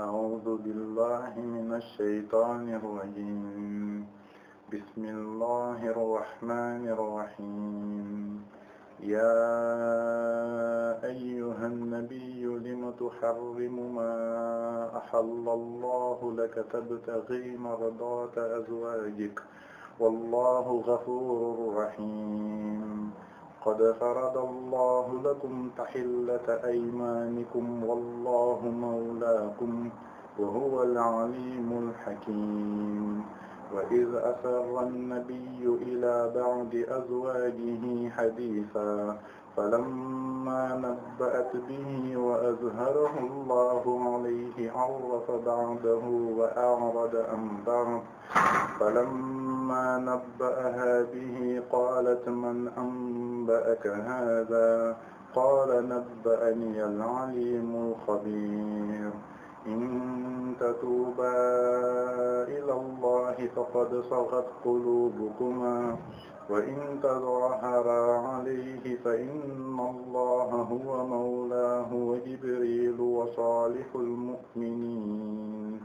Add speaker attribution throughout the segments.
Speaker 1: أعوذ بالله من الشيطان الرجيم بسم الله الرحمن الرحيم يا أيها النبي لم تحرم ما أحل الله لك تبتغي مرضات أزواجك والله غفور رحيم qad farada allahu lakum taxillata aymaanikum wallahu mawlaakum wa huwa al-aliimu al-hakiim wa iz asarra an-nabiyyu ilaa ba'di azwaajihi hadiisan falammaa nabba'at bihi wa azharahu allahu alayhi arrafa ba'dahu wa a'rada an ba'd falammaa nabba'ahaa bihi qaalat man am أنبأك هذا قال نبأني العليم الخبير إن تتوبا إلى الله فقد صغت قلوبكما وإن تظاهرا عليه فإن الله هو مولاه وجبريل وصالح المؤمنين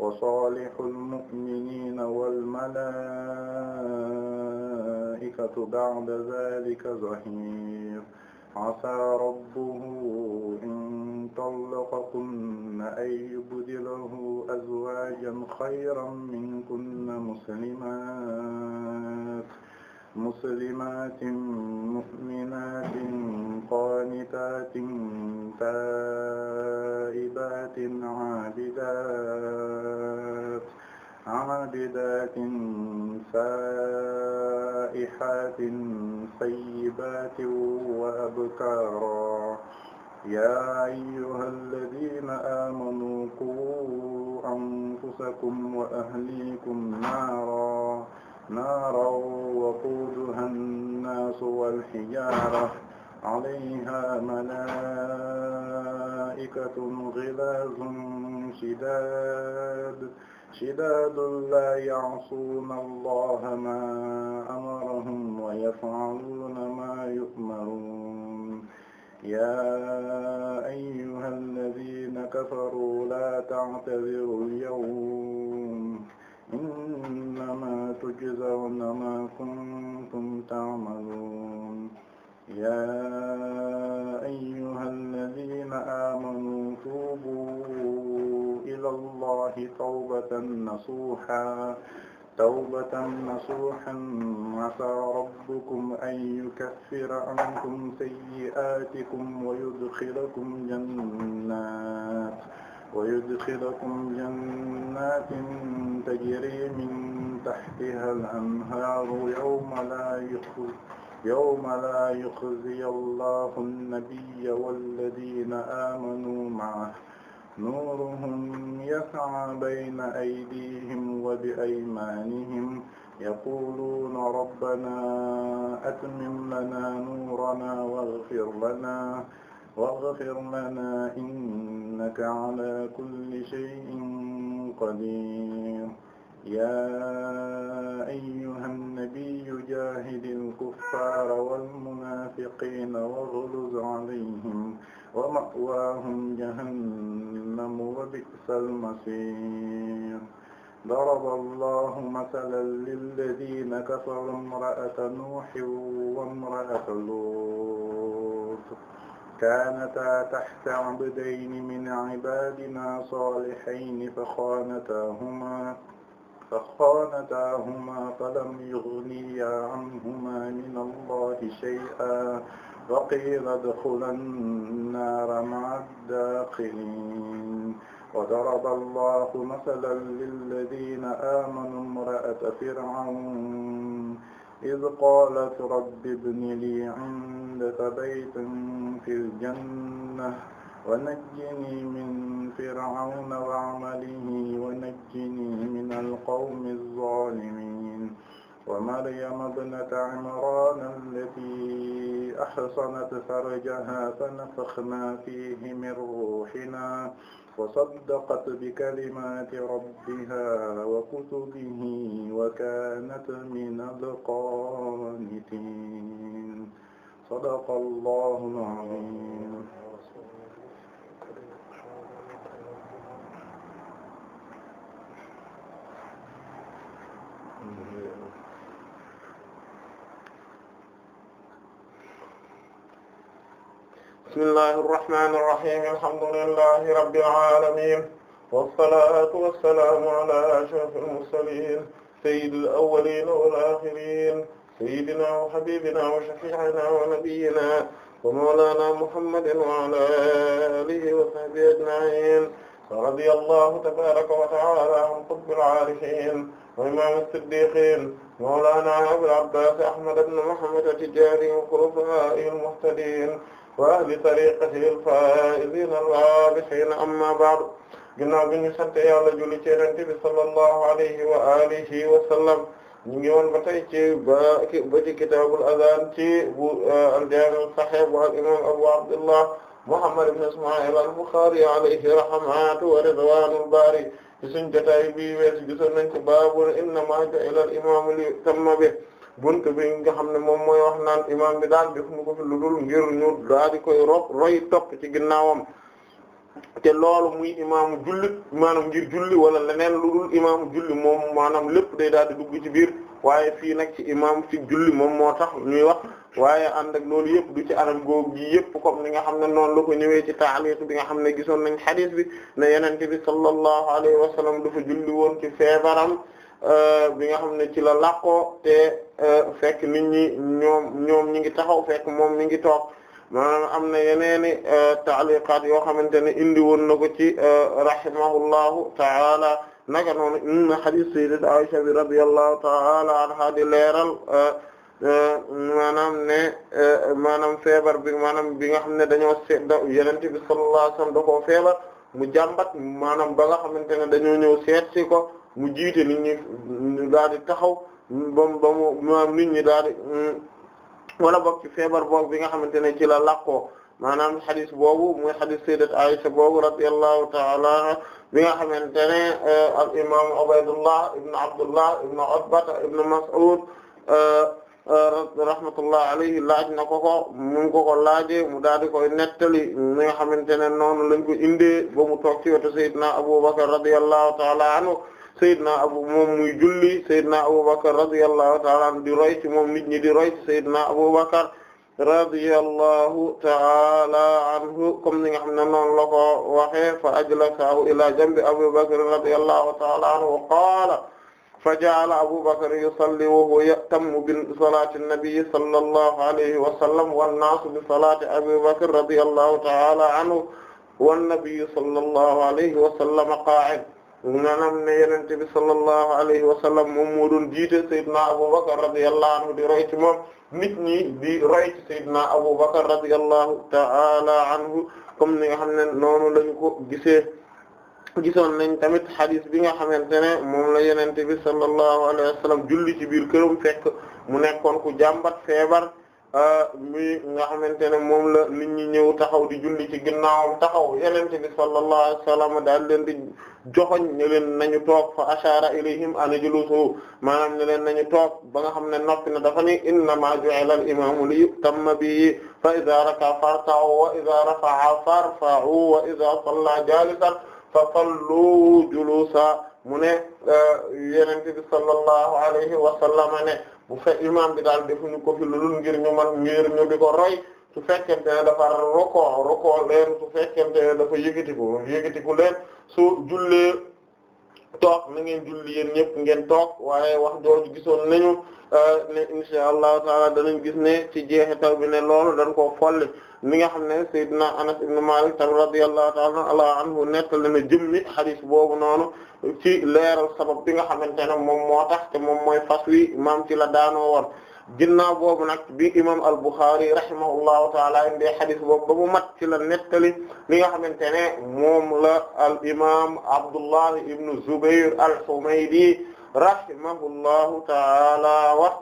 Speaker 1: وصالح المؤمنين والملائكة بعد ذلك زهير عسى ربه إن طلقكن أن يبدله أزواجا خيرا منكن مسلمات مسلمات مؤمنات قانتات تائبات عابدات عابدات سائحات سيبات وأبكارا يا أيها الذين آمنوا قوا أنفسكم وأهليكم نارا نارا وقودها الناس والحجارة عليها ملائكة غلاظ شداد شداد لا يعصون الله ما أمرهم ويفعلون ما يؤمرون يا أيها الذين كفروا لا تعتذروا اليوم إنما تجزون ما كنتم تعملون يا أيها الذين آمنوا توبوا إلى الله توبة نصوحا توبة نصوحا عسى ربكم أن يكفر عنكم سيئاتكم ويدخلكم جنات ويدخلكم جنات تجري من تحتها الأنهار يوم لا يخزي يوم لا يخزي الله النبي والذين آمنوا معه نورهم يسعى بين أيديهم وبأيمانهم يقولون ربنا أتمم لنا نورنا واغفر لنا واغفر لنا إنك على كل شيء قدير يا أيها النبي جاهد الكفار والمنافقين واغلظ عليهم ومأواهم جهنم وبئس المصير ضرب الله مثلا للذين كفروا امرأة نوح وامرأة لوط كانتا تحت عبدين من عبادنا صالحين فخانتاهما فخانتاهما فلم يغنيا عنهما من الله شيئا وقيل ادخلا النار مع الداخلين وضرب الله مثلا للذين آمنوا امرأة فرعون إذ قالت رب ابن لي عندك بيتا في الجنة ونجني من فرعون وعمله ونجني من القوم الظالمين ومريم ابنة عمران التي أحصنت فرجها فنفخنا فيه من روحنا وصدقت بكلمات ربها وكتبه وكانت من القانتين صدق الله العظيم
Speaker 2: bismillahi irrahmani
Speaker 1: irrahim alhamdulillahi
Speaker 2: rabbil alamin wassalatu wassalamu ala ashrafil mursalin sayyidil awwalina wal akhirin sayyidina wa habibina wa shafi'ina wa nabiyyina wa mawlana muhammadin wa ala alihi wa sahbihi ajma'in radiya allahu tabaraka wa ta'ala an qutbil aarifiin wa imaam as-siddiqiin mawlana abil abbaas ahmad ibn muhammad at-tijaani wa xulafaa'ihi al-muhtadiin wahdi tariqati al-faa'iziina ar-raabihiina amma ba'du ginnaaw bi ñu sant yàlla julli ci Yonent bi sallallahu alayhi wa alihi wa sallam ñu ngi woon ba tey ci ba ci kitaabul azaan ci bu euh, al-jaami' as-sahiih bu al-imaam Abu Abdillah Muhammad ibn Isma'il al-Bukhari alayhi rahmatu wa ridwaanul baari ci suñu jotaay bi weesu gisoon nañ ci baabun innamaa ju'ila al-imaamu li-yu'tamma bihi bunt bi nga xam ne moom mooy wax naan imaam bi daal def nu ko fi lu dul ngir ñu daal di koy ro roy topp ci ginnaawam te loolu muy imaamu julli maanaam ngir julli wala leneen lu dul imaamu julli moom maanaam lépp day daal di dugg ci biir waaye fii nag ci imaam ci julli moom moo tax ñuy wax waaye ànd ak loolu yëpp du ci anam googu gi yëpp comme ni nga xam ne noonu la ko ñëwee ci taaliq bi nga xam ne gisoon nañ xadiis bi ne yenente bi sallallahu alayhi wa sallam dafa julli woon ci feebaram Euh, bi nga xam ne ci la lakko te euh, fekk nit ñi ñoom ñoom ñi ngi taxaw fekk moom mi ngi toog maanaam am na yeneeni euh, taaliqaat yoo xamante ne indi woon na ko ci rahimahullahu ta'ala naka noonu inna hadith sayyidat Aisha bi radiyallahu ta'ala anha di leeral maanaam ne maanaam feebar bi maanaam bi nga xam ne dañoo seet yenente bi sallallahu mu jàmbat maanaam ba nga xamante ne dañoo ñëw seet si ko mu jiite ni ñi ñu daal di taxaw ba mu ba mu daal di mm, wala bokk ci feebar boobu bi nga xamante ne ci la lakkoo maanaam xadis boobu muy xadis sayyidat Aisha boobu radiyallahu ta'ala bi nga xamante ne eh, al imam Ubaydullah ibn Abdullah ibn Utba eh, eh, rahmatullah alayhi laaj na ko ko mu ngi ko ko mu daal di koy nettali mi nga xamante ne noonu lañ ko indee ba mu toog ci wetu Seydina Abubakar radiyallahu ta'ala anhu Seydina Abu moom muy julli Seydina Abubakar radiyallahu ta'ala anhu di roy ci moom nit ñi di roy ci Seydina Abubakar radiyallahu ta'ala anhu comme ni nga xam ne noonu la ko waxee fa ajlasahu ila jambi Abubakar radiyallahu ta'ala anhu wa qaala fa ja'ala Abubakar yusalli wa huwa ya'tammu bi salaati an-nabi sallallahu alayhi wa sallam wan-naasu bi salaati Abubakar radiyallahu ta'ala anhu wan-nabi sallallahu alayhi wa sallam qaa'id maanaam ne yenente bi sallallahu alayhi wa moom moo doon jiite sayyidina abubakar radiyallahu di roy ci moom nit ñi di roy ci sayyidina abubakar radiyallahu ta'ala anhu comme ni nga xam ne noonu lañu ko gisee gisoon nañ tamit hadith bi nga xamante ne moom la yenente bi sallallahu alayhi wa julli ci biir këram fekk mu nekkoon ku jàmbat feebar bi ah, nga xamante ne moom la nit ñi ñëw taxaw di julli ci ginnaawam taxaw yenente bi sallallahu alayhi wasallam daal leen di joxoñ ne nañu toog fa ashara ilayhim an julusu maanaam ne leen nañu toog ba nga xam ne noppi na dafa ni innama ju'ila al imamu li bi fa idha raka farta'u wa idha rafa'a farfa'u wa idha salla jalisan fa sallu julusa mu ne ah, yenente bi sallallahu alayhi wasallama ne bu fe imam bi daal defuñu ko fi lulul ngir ñu man ngir ñu di ko roy su fekkente ne dafa roko roko leen su fekkente ne dafa yëkkati ko yëkkati ko leen su jullee toog na ngeen julli yéen ñëpp ngeen toog waaye wax jooju gisoon nañu euh, ne insha allahu taala danañ gis ne ci jeexital bi ne loolu dañ koo folli mi nga xam ne sayyidina anas ibn malik tam radiyallahu taala ala anhu nettali na jëmmi hadith boobu noonu ci leeral sabab bi nga xamante ne moom moo tax te moom mooy fas wi maam ci la daanoo woon ginnaaw boobu nag bi imam al-Bukhari rahimahullahu taala indee xadis boobu ba mu mat ci la nettali li nga xamante ne moom la al imam Abdullah ibn Zubair al-Humaydi rahimahullahu taala wax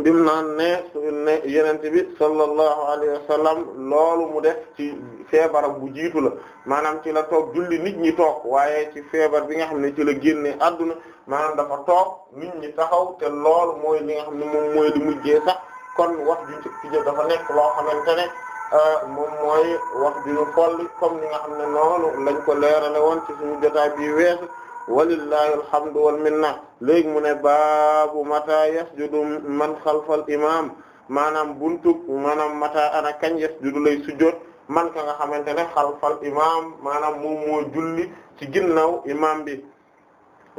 Speaker 2: bim naan ne yeneen yenente bi sallallahu alayhi wa sallam loolu mu def ci feebara bu jiitu la maanaam ci la toog julli nit ñi toog waaye ci feebar bi nga xam ne ci la génne adduna maanaam dafa toog nit ñi taxaw te loolu mooy li nga xam ne moom mooy li mujjee sax kon wax ju ci jëf dafa nekk loo xamante ne euh, moom mooy wax ju ñu foll comme ni nga xam ne noonu lañ ko leerale woon ci suñu jotaay bi weesu walillahi alhamdu wal minna léegi mu ne baabu mata yasjudu man xalfal imam maanaam buntu maanaam mata ana kañ yasjudu lay sujjóot man ka nga xamante ne xalfal imam maanaam moom moo julli ci ginnaaw imam bi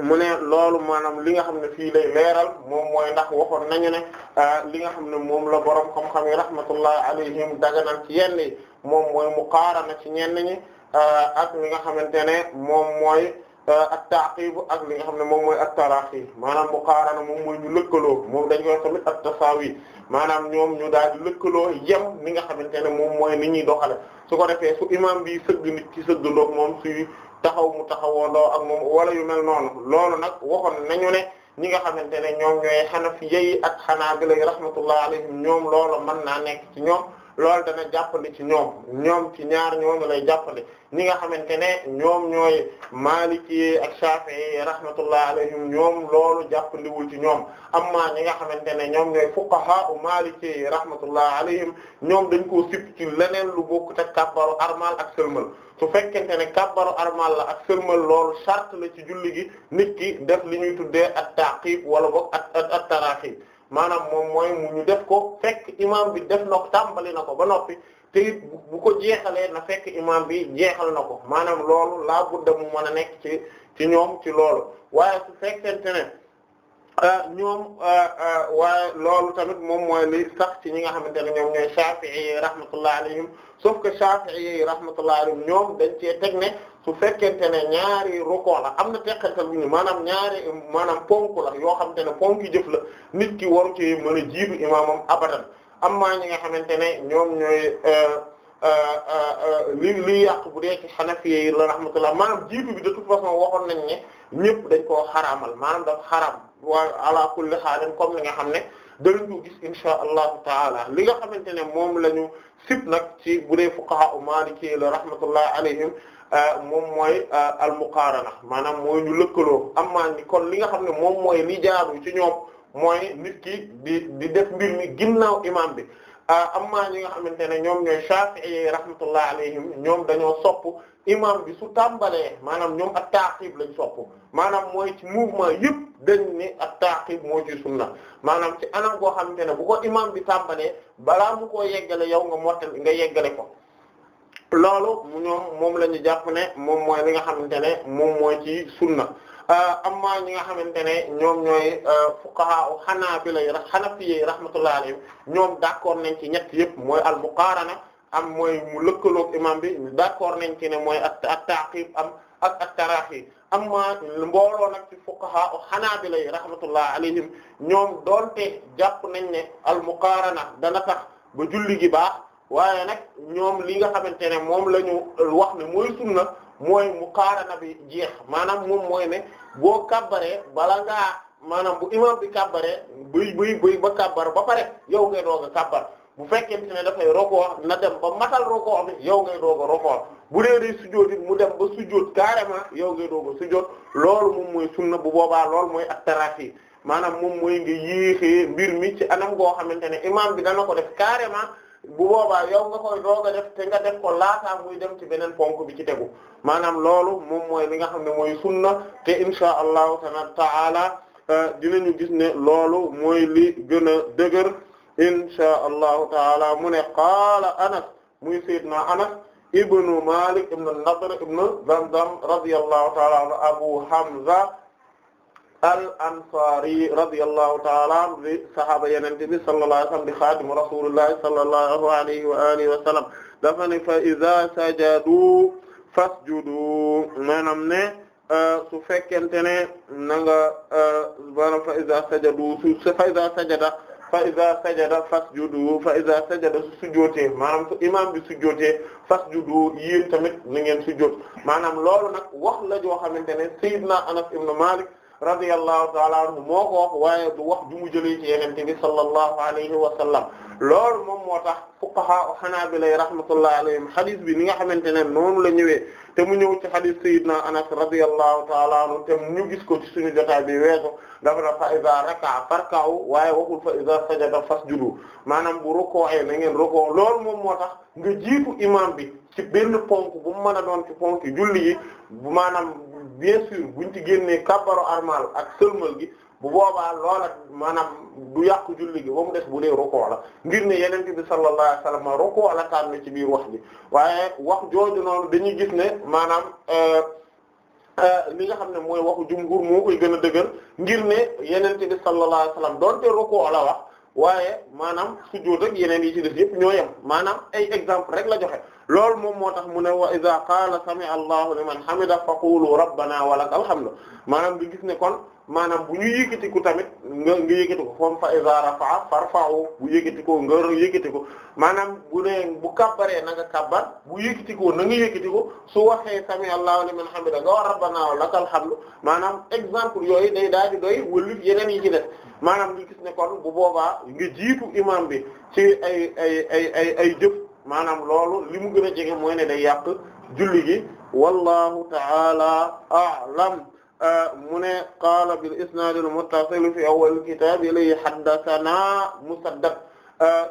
Speaker 2: mu ne loolu maanaam li nga xam ne fii lay leeral moom mooy ndax waxoon nañu ne ah, li nga xam ne moom la borom xam-xam yi rahmatullahi alayhim daganal ci yenn yi moom mooy muqaarana ci ñenn ñi ah, ak li nga xamante ne moom mooy Euh, ak taqib ak li nga xam ne moom mooy ak taraxi maanaam muqaarana moom mooy ñu lëkkaloo moom dañu koy tamit ak tasaawi maanaam ñoom ñu daal di lëkkaloo yem ni nga xamante ne moom mooy ni ñuy doxale su ko defee su imam bi sëgg nit sëgg sëggandoog moom suy taxaw mu taxawoondoo ak moom walla yu mel noonu loolu nag waxoon nañu ne ni nga xamante ne ñoom ñooy xanafi yi ak xanaa xanaabila rahmatullah alayhim ñoom loolo mën naa nekk ci ñoom loolu dana jàppandi ci ñoom ñoom ci ñaar ñoom lay jàppandi ñi nga xamante ne ñoom ñooy Maliki ak Shafi'i rahmatullah alayhim ñoom loolu jàppandiwul ci ñoom amma ñi nga xamante ne ñoom ñooy fuqaha u Maliki rahmatullah alayhim ñoom dañ ko sipp ci leneen lu bokkut ak kabbaru armal ak sëlmal su fekkente ne kabbaru armal ak sëlmal lool charte la ci julli gi nit ki def li ñuy tuddee at-taqiib wala boog at at at maanaam moom mooy mu ñu def ko fekk imam bi def na ko tàmbali na ko ba noppi te bu ko jeexalee na fekk imam bi jeexal na ko maanaam loolu laa budda mu mën nekk ci ci ñoom ci loolu waaye su fekkente ne euh, ñoom euh, euh, waaye loolu tamit moom mooy li sax ci ñi nga xamante ne ñoom ñooy Shafi'i yi rahmatullah alayhim sauf que Shafi'i yi rahmatullah alayhim ñoom dañ cee teg ne su fekkente ne ñaari rukoo la am na teqantal bu ñu maanaam ñaari maanaam ponk la yoo xamante ne ponk jëf la nit ki waru ci mën a jiitu imaamam abadan amma ñi nga xamante ne ñoom ñooy euh, euh, euh, li li yàq bu dee ci xanafiye yi la rahmatullah maanaam jiitu bi de toute façon waxoon nañ ne ñëpp dañ koo xaraamal maanaam dafa xaraam wa ala kulli xaalin comme li nga xam ne danañ ko gis insha allahu taala li nga xamante ne moom la ñu sib nag ci bu dee fuqaha u maliki la rahmatullah alayhim euh, moom mooy euh, almuqaarana maanaam mooy ñu lëkkaloo amaa ni kon li nga xam ne moom mooy li jaaru ci ñoom mooy nit ki di di def mbir mi ginnaaw imam bi Ah, amma ñi nga xamante ne ñoom nga Shafi'i rahmatullah alayhim ñoom dañoo sopp imam bi su tàmbalee maanaam ñoom at-taqib lañu sopp maanaam mooy ci mouvement yëpp dañ ne at-taqib moo ci sunna maanaam ci anam goo xamante ne bu ko imam bi tàmbalee balaa mu ko yeggale yow nga mottal nga yeggale ko loolu ñoom moom la ñu jàpp moom mooy li nga xamante ne moom mooy ci sunna Euh, amma ñi nga xamante ne ñoom ñooy euh, fuqaha u xanaabila yi xanafiyyi rahmatullahi alayhim ñoom d'accord nañ ci ñett yëpp mooy al muqaarana am mooy mu lëkkaloog imam bi d'accord nañ ci ne mooy ak taqiib am ak ak taraaxi amma mbooloo nag ci fuqaha u xanaabila yi alayhim ñoom doonte jàpp nañ ne al muqaarana dana tax ba julli gi baax waaye nag ñoom li nga xamante ne moom la ñu wax ne mooy sunna mooy muqaarana bi jeex maanaam moom mooy ne boo kàbbaree bala ngaa maanaam bu imam bi kàbbaree buy bu buy ba kàbbar ba pare yow ngay doog a kàbbar bu fekkente ne dafay rokoo na dem ba matal rokoo bi yow ngay doog a rokoo bu dee dee sujjóot it mu dem ba sujjóot carrément yow ngay doog a sujjóot loolu moom mooy sunna bu boobaa loolu mooy at maanaam moom mooy nga yéexee mbir mi ci anam goo xamante ne imam bi dana ko def carrément bu boobaa yow nga ko doog def te nga def ko laataa muy dem ci beneen ponk bi ci tegu maanaam loolu moom mooy li nga xam ne mooy sunna te insha allahu taala euh, dinañu gis ne loolu mooy li gën a dëgër insha allahu taala mu ne qaala anas muy sayyidna anas ibnu malik ibnu nadr ibnu zamzam radiyallahu taala abu hamza al ansari radiyallahu ta'ala anhu di sahaaba yenente bi sallallahu alayhi wa sallam di xaadimu rasulillahi dafa ne fa iza sajadu fasjudu maanaam ne euh, su fekkente ne na nga euh, fa iza sajadu su fa iza sajada fa iza fa iza sajada su sujjootee maanaam su imam bi sujjootee fasjudu yéen tamit na ngeen sujjoot maanaam loolu nag wax la joo xamante ne sayyidna Anas Malik radiyallahu ta'ala anhu moo ko wax waaye du wax ju mu jëlee ci yenente bi sallallahu alayhi wa sallam loolu moom moo tax fuqaha u hanabila rahmatullahi alayhim hadith bi ni nga xamante ne noonu la ñëwee te mu ñëw ci hadith sayyidina anas radiyallahu ta'ala anhu te ñu gis ko ci suñu jotaay bi weesu dafa na fa iza raka'a waaye waxul fa iza sajada fasjudu maanaam bu rukkooxee na ngeen rukkoo loolu moom moo tax nga jiitu imam bi ci benn ponk bu mu mën a doon ci ponk julli yi bien sûr buñ ci génnee kabaru armal ak sëlmal gi bu boobaa loola maanaam du yàqu julli gi ba mu des bu dee rukoo la ngir ne yeneen bi sallallahu alayhi wasallam rukoo la tànn ci biir wax bi waaye wax jooju noonu dañuy gis ne maanaam euh, euh, li nga xam ne mooy waxu jumhur moo koy gën a dëgër ngir ne yeneen bi sallallahu alayhi wasallam doonte rukoo la wax. waaye maanaam sujjóot ak yeneen yi ci def yëpp ñoo yem maanaam ay exemple rek la joxe loolu moom moo tax mu ne wa iza qaala sami'a allahu liman hamida faqulu rabbana wa lakal hamd maanaam nga gis ne kon maanaam bu ñu yëkkati tamit nga nga yëkkati ko foofu fa iza rafa'a farfa'u bu yëkkati ko nga yëkkati ko maanaam bu ne bu kabbaree naga nga kabbar bu yëkkati ko na nga yëkkati ko su waxee sami Allahu liman hamida nga wax rabbana wa lakal hamdu maanaam exemple yooyu day daal di doy wëllu yeneen yi ci def maanaam ñu gis ne kon bu boobaa nga jiitu imam bi ci ay ay ay ay ay jëf maanaam loolu li mu gën a jege mooy ne day yàq julli gi wallahu ta'ala a'lam mu ne qaala bil isnaad al muttasil fi awwal kitaab ilay haddathanaa Musaddad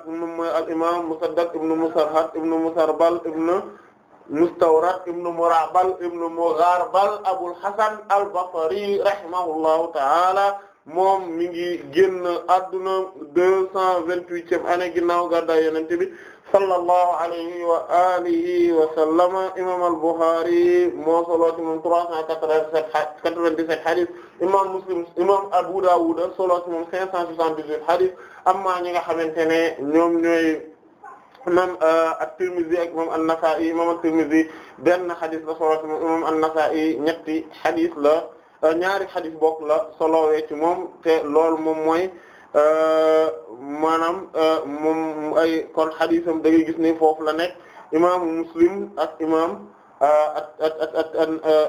Speaker 2: mooy al imaam Musaddad ibn Musarhad ibn Musarbal ibn Mustawrad ibn Murabal ibn Mugharbal Abul Hasan al Basri rahimahullahu ta'ala moom mi ngi génn adduna deux cent vingt-huitième année ginnaaw gàddaay Yonent bi sallallahu alayhi wa alihi wa sallama imam al-Bukhari moo solo ci moom 397 97 hadith imam Muslim imam Abu Dawud solo ci moom 578 hadith amma ñi nga xamante ne ñoom ñooy imam euh, at-Tirmidhi ak imam an-Nasa'i imam at-Tirmidhi benn hadith la solo ci moom imam an-Nasa'i ñetti hadith la euh, ñaari hadith bokk la solowee ci moom te loolu moom mooy Euh, maanaam euh, moom ay kon xadisam da ngay gis ne foofu la nekk imaamu muslim ak imaam euh, ak ak ak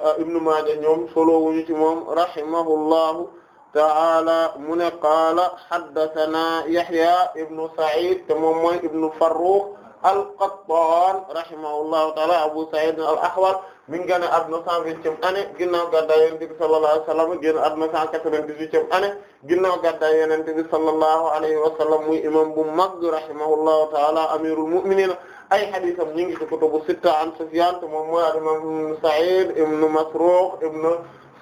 Speaker 2: ak ibnu maaja ñoom solo wuñu ci moom rahimahullahu ta'ala mu ne qaala haddathana yahya ibnu sa'id te moom mooy ibnu farrukh al-qattan rahimahullahu ta'ala abu sa'id al-ahwal mi ngi génn àdduna cent vingtième année ginnaaw gàddaay yonent bi sallallahu alayhi wa sallam génn àdduna cent quatre-vingt-dix-huitième année ginnaaw gàddaay yonent bi sallallahu alayhi wa sallam muy imam bu mag rahimahullahu ta'ala amirul mu'minin ay hadisam ñi ngi ci kutubu sitta an Sufyan te moom mooy al-imam ibn Sa'id ibn Masruq ibn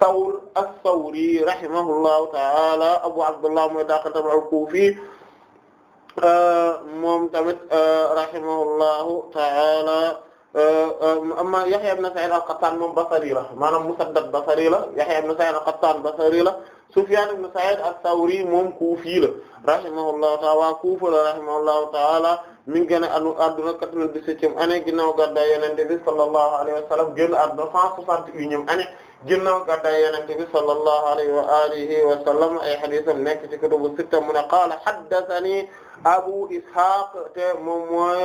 Speaker 2: Thawr as-Sawri rahimahullahu ta'ala Abu Abdullah mooy daqatam al-Kufi moom tamit rahimahullahu ta'ala amma euh, euh, Yahya ibn Sa'id al-Qattan moom Basri la maanaam Musaddad Basri la Yahya ibn Sa'id al-Qattan Basri la Sufyan ibn Sa'id al-Thawri moom Kufi la rahimahullahu ta'ala waa Kufa la rahimahullahu ta'ala mi ngi génn àdduna 97e année ginnaaw gàddaay Yonent bi sallallahu alayhi wa sallam génn àdduna 161e année ginnaaw gàddaay Yonent bi sallallahu alayhi wa alihi wa sallam ay hadiisam nekk ci kutubu sitta mu ne qaala haddathanii Abu Ishaq te moom mooy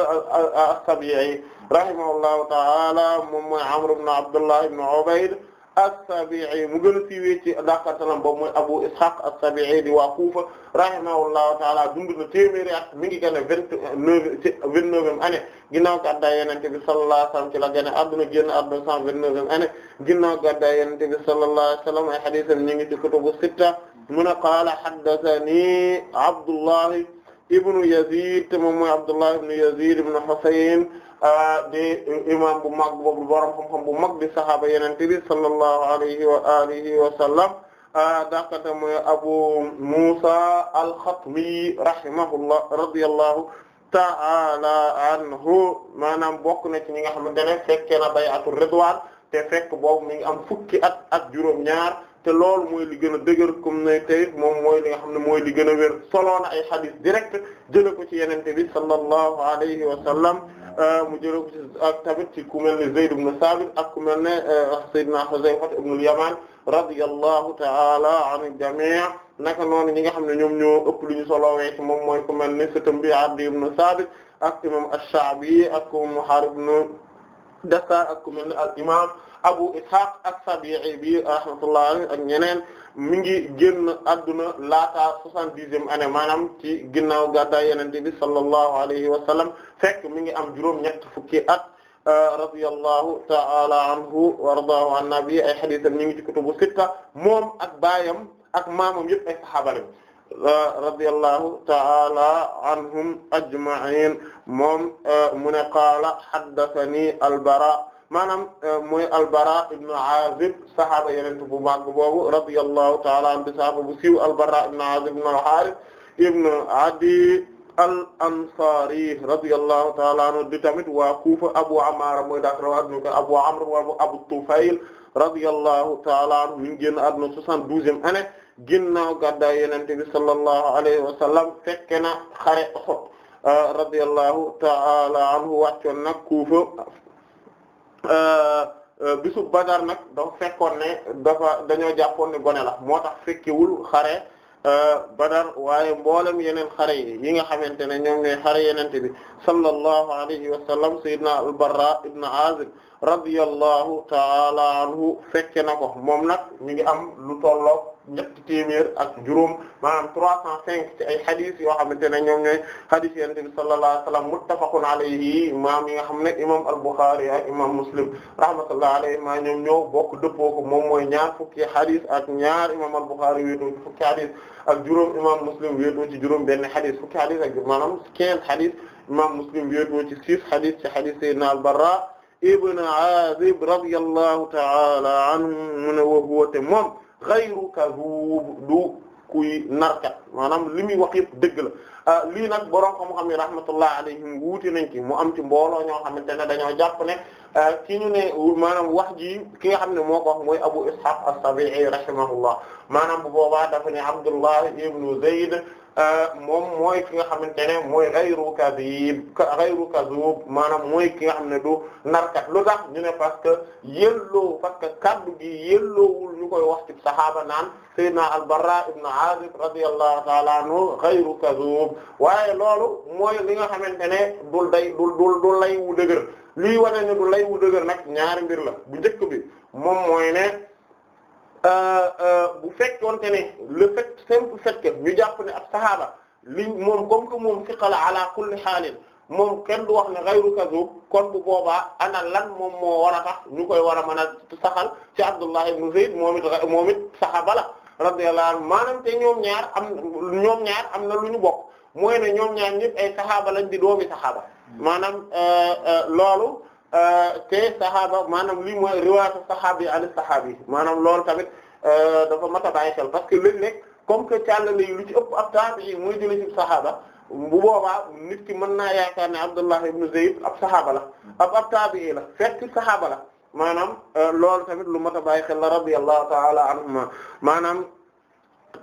Speaker 2: as-Sabi'i rahimahullahu ta'ala moom mooy Amr ibn Abdullah ibn Ubayd as-Sabi'i mu gën a siiwee ci dàqantalam boobu mooy Abu Ishaq as-Sabi'i di waa Kufa rahimahullahu ta'ala dund na téeméeri at mi ngi gën a vingt-neuf ci vingt-neuvième année ginnaaw gàddaay Yonent bi sallallahu alayhi wa sallam ci la gën a adduna génn adduna cent vingt-neuvième année ginnaaw gàddaay Yonent bi sallallahu alayhi wa sallam ay hadiisam ñu ngi ci kutubu sitta mu ne qaala haddathanii Abdullah ibnu Yazid te mo mooy Abdullah ibnu Yazid ibnu Husayn Ah, di eh, imam bu mag boobu borom xam bu mag di sahaaba yenente bi sallallahu alayhi wa alihi wa sallam ah, dakata mooy abu musa al-Khatmi rahimahullah radiyallahu ta'ala anhu maanaam bokk na ci ñi nga xamante ne fekkee na bay'atu ridwaan te fekk boobu mi ngi am fukki at ak juróom ñaar te loolu mooy li gën a dëgër comme ne tey moom mooy li nga xam ne mooy li gën a wér solo na ay hadith direct jële ko ci yenente bi sallallahu alayhi wa sallam Euh, mu jël ko ak tamit ci ku mel ne Zayd ibn Sabit ak ku mel ne euh, Sayyidina Huzayfa ibn al-Yaman radiyallahu ta'ala anil jami' naka noonu ñi nga xam ne ñoom ñoo ëpp lu ñu solowee ci moom mooy ku mel ne sëtam bi Abd ibn Sabit ak imam Ash-Sha'bi ak ku Muharib ibn Dasta ak ku mel ne al imam Abu Ishaq as-Sabi'i bi rahmatullah ak ñeneen mi ngi génn adduna laataa soixante-dixième année maanaam ci ginnaaw gàddaay Yonent bi sallallahu alayhi wa fekk mi ngi am juróom ñett fukki at euh, radiyallahu ta'ala anhu wa ardaahu ay xadiisam ñu ngi ci kutubu sitta moom ak baayam ak maamam yëpp ay saxaaba lañ euh, radiyallahu ta'ala anhum ajma'in moom euh, mu qaala haddathani al-Bara maanaam euh, mooy al-Bara ibn Azib saxaaba yeneen bu mag boobu radiyallahu ta'ala anhu saxaaba bu siiw al-Bara ibn Azib ibn al-Harith ibn Adi al-Ansari radiyallahu ta'ala anhu di tamit waa Kufa Abu Amara mooy daa ko wax Abu Amr wa Abu Tufayl radiyallahu ta'ala anhu mi ngi génn àdduna 72e année ginnaaw gàddaay Yonent bi sallallahu alayhi wa sallam fekk na xare Uhud euh, radiyallahu ta'ala anhu wàccoon nag Kufa Euh, euh, bisub Badar nag dafa fekkoon ne dafa dañoo jàppoon ne gone moo tax fekkewul xare euh, Badar waaye mboolem yeneen xare yi yi nga xamante ne ñoom ñooy xare yenente bi sallallahu alayhi wa sallam sayyidina al-Barra ibn Azib radiyallahu ta'ala anhu fekke na ko moom nag mi ngi am lu tollook ñetti téeméer ak juróom maanaam trois cent cinq ci ay hadis yoo xamante ne ñoom ñooy hadis yonent bi sallallahu alayhi wasallam muttafaqun alayhi maam yi nga xam ne imam al-Bukhari ak imam Muslim rahmatullahi maa ñoom bokk dëppoo moom mooy ñaar fukki hadis ak ñaar imam al-Bukhari wéetoo ci fukki hadis ak juróom imam Muslim wéetoo ci juróom benn hadis fukki hadis ak maanaam quinze hadis imam Muslim wéetoo ci six hadis ci hadis Sayyidina al Azib radiyallahu ta'ala anhu mu ne woowu woote ghayru kadhub du kuy narkat maanaam li muy wax yëpp dëgg la ah, lii nag borom xam-xam yi rahmatullah alayhim wuute nañ ci mu am ci mbooloo ñoo xamante ne dañoo jàpp ne ci ah, ñu ne maanaam wax ji ki nga xam ne moo ko wax mooy Abu Ishaq as-Sabi'i rahimahullah maanaam bu boobaa dafa ne Abdullah ibn Zayd Euh, moom mooy ki nga xamante ne mooy ghayru kadhib ghayru kadhub maanaam mooy ki nga xam ne du narkat lu tax ñu ne parce que yelloo parce que kaddu gi yelloowul ñu koy wax ci saxaaba naan sayyidina al-Barra ibn Azib radiyallahu ta'ala anhu ghayru kadhub waaye loolu mooy li nga xamante ne dul day dul dul du lay wu dëgër lii wane ne du lay wu dëgër nag ñaari mbir la bu njëkk bi moom mooy ne Euh, euh, bu fekkoonte ne le fait simple fait ñu jàpp ne ab saxaaba li moom kom que moom siqala ala kulli xaalin moom kenn du wax ne ghayru kazub kon bu boobaa ana lan moom moo war a tax ñu koy war a mën a saxal ci Abdullah ibn Zayd moom it moom it saxaaba la radiyallahu anhu maanaam te ñoom ñaar am ñoom ñaar am na lu ñu bokk mooy ne ñoom ñaar ñëpp ay saxaaba lañ di doomi saxaaba maanaam euh, loolu te saxaaba maanaam lii mooy riwaatu saxaabi an saxaabi maanaam loolu tamit euh, dafa mat a bàyyi xel parce que léegi nag comme que càllale yi lu ci ëpp ab taabi'i muy jëlee ci saxaaba bu boobaa nit ki mën naa yaakaar ne Abdullah ibn Zayd ab saxaaba la ab ab taabi'i la fekk saxaaba la maanaam euh, loolu tamit lu mat a bàyyi xel la radiyallahu ta'ala anhuma maanaam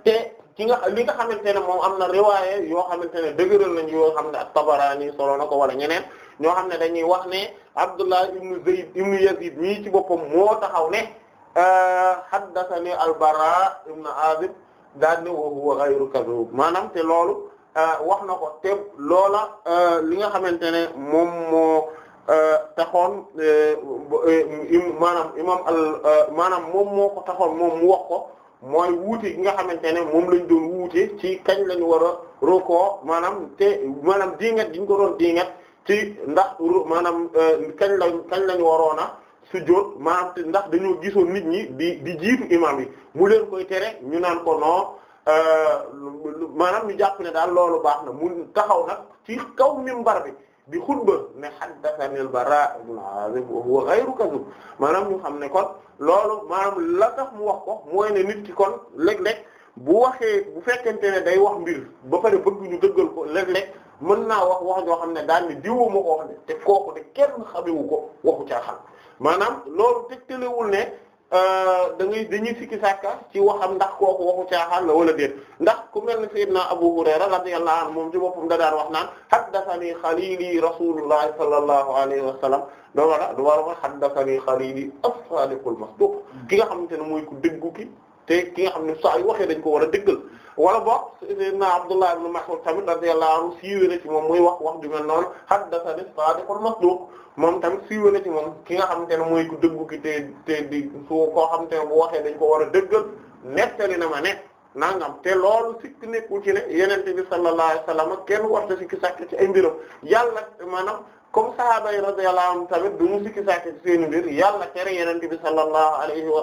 Speaker 2: te ci nga li nga xamante ne moom am na riwaaye yoo xamante ne dëgëral nañ yoo xam ne at-Tabarani solo na ko wala ñeneen. ñoo xam ne dañuy wax ne Abdullah ibnu Zayd ibnu Yazid mii ci boppam moo taxaw ne euh, haddathani al-Bara ibnu Azib daan ne wa huwa ghayru kadhub maanaam te loolu euh, wax na ko te loola euh, li nga xamante ne moom moo taxoon maanaam imam al maanaam moom moo ko taxoon moom mu wax ko mooy wuute gi nga xamante ne moom lañ doon wuute ci kañ lañu war a roko maanaam te maanaam diingat gi ñu ko ci ndax maanaam euh, kañ la kañ lañu waroon a sujjóot maanaam ndax dañoo gisoon nit ñi di di jiitu imam yi mu leen koy tere ñu naan ko non euh, maanaam ñu jàpp ne daal loolu baax na mu taxaw na ci kaw mbar bi di xutba ne haddathani al-Bara ibn Azib wa huwa ghayru kadhub maanaam ñu xam ne kon loolu maanaam la tax mu wax ko mooy ne nit ki kon léeg-léeg bu waxee bu fekkente ne day wax mbir ba pare bëgg ñu dëggal ko léeg-léeg mën naa wax wax joo xam ne daal ne diwu ma ko ne te kooku de kenn xamewu ko waxu caaxaan maanaam loolu tegtalewul ne euh, da ngay dañuy sikki sàkka ci waxam ndax kooku waxu caaxaan la wala déet ndax ku mel ne sayyidna Abu Hurayra radiyallahu anhu moom ci boppam da daan wax naan haddathani xalili rasulullahi sallallahu alayhi wa sallam doo wala du war wax haddathani xalili as-sadiqul masduq ki nga xamante ne mooy ku déggu ki te ki nga xam ni saa yu waxee dañ ko war a déggal wala boog sayyidina Abdullah ibn Mas'ud tamit radiyallahu anhu siiwee na ci moom muy wax wax ju mel noonu haddathani sadiqul masduq moom tamit siiwee na ci moom ki nga xamante ne mooy ku dëggu ki te te di su koo xam ne bu waxee dañ ko war a dëggal nettali na ma ne nangam te loolu sikk ku ci ne yenente bi sallallahu alayhi wasallam kenn warta sikki sàkk ci ay mbiro yàlla maanaam comme sahaba yi radiyallahu tamit du ñu sikki sàkk ci seen mbir yàlla tere yenente bi sallallahu alayhi wa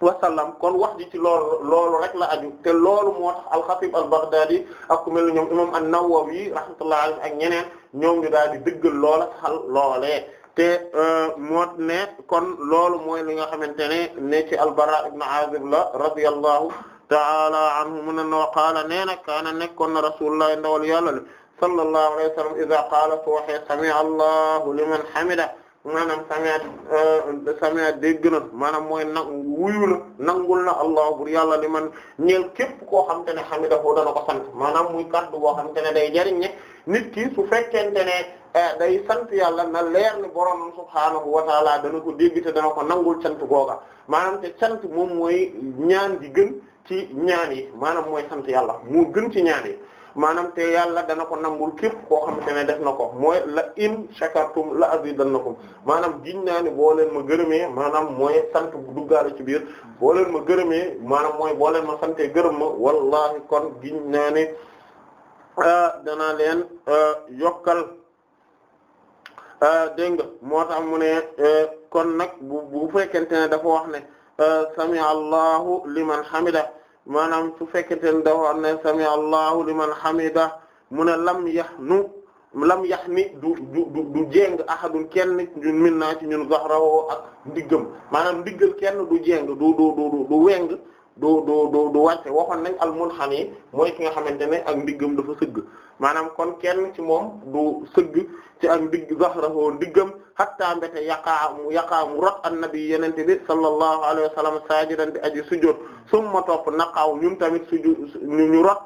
Speaker 2: wasallam kon wax di ci loolu loolu rek la aju te loolu moo tax al-Khatib al-Baghdadi ak ku mel ne ñoom imam an-Nawawi rahmatullahi alayhi ak ñeneen ñoom ñu daal di dëggal loola xal loolee te euh, moo ne kon loolu mooy li nga xamante ne ne ci al-Bara ibn Azib la radiyallahu ta'ala anhu mu ne noo qaala nee na kaana nekkoon na rasulullah ndawal yàlla sallallahu alayhi wa sallam idha qaala su waxee sami'a Allahu liman hamidah maanaam samiat euh, samiat dégg na maanaam mooy na wuyu na nangul na allah bur yàlla li man ñeel képp koo xam te ne xamidahu dana ko sant maanaam muy kaddu boo xam te ne day jariñ ne nit ki su fekkente ne euh, day sant yàlla na leer ni borom subhaanahu wa taala dana ko dégg te dana ko nangul sant googa maanaam te sant moom mooy ñaan gi gën ci ñaan yi maanaam mooy sant yàlla moo gën ci ñaan yi maanaam te yàlla dana ko nangul képp koo xam ne def na ko mooy la in shakartum la na azidannakum maanaam giñ naa ne boo leen ma gërëmee maanaam mooy sant bu duggaale ci biir boo leen ma gërëmee maanaam mooy boo leen ma santee gërëm ma wallahi kon giñ naa ne ah, dana leen ah, yokkal ah, dégg nga moo tax mu ne eh, kon nag bu bu fekkente ne dafa wax ne sami allahu liman hamida maanaam su fekkente ne dafa wax ne sami allahu liman hamida mu ne lam yahnu lam yahni du du du jéng ahadun kenn ñun min naa ci ñun zahrahu ak ndiggam maanaam ndiggal kenn du jéng du du du du weng du du du du wàcce waxoon nañ yi mooy ki nga xamante ne ak ndiggam dafa sëgg maanaam kon kenn ci moom du sëgg ci ak ndigg zahrahu ndiggam hatta mbete yaqaa mu yaqaa mu rot annabi yenente bi sallallahu alayhi wa sallam saajidan di aji sujjóot summa topp naqaaw ñun tamit suju ñu rot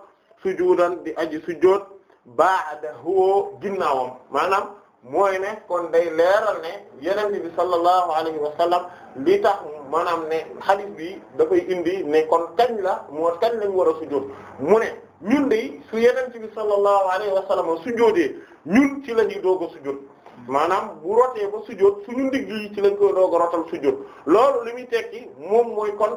Speaker 2: sujuudan di aji sujjóot baada huwa ginnaawam maanaam mooy ne kon day leeral ne yeneen bi sallallahu alayhi wa sallam li tax maanaam ne hadith bi dafay indi ne kon kañ la moo kañ lañ war a sujjóot mu ne ñun de su yeneen bi sallallahu alayhi wa sallam sujjóotee ñun ci la ñuy doog a sujjóot maanaam bu rotee ba sujjóot suñu ndigg yi ci lañ koy doog a rotal sujjóot loolu li muy tekki moom mooy kon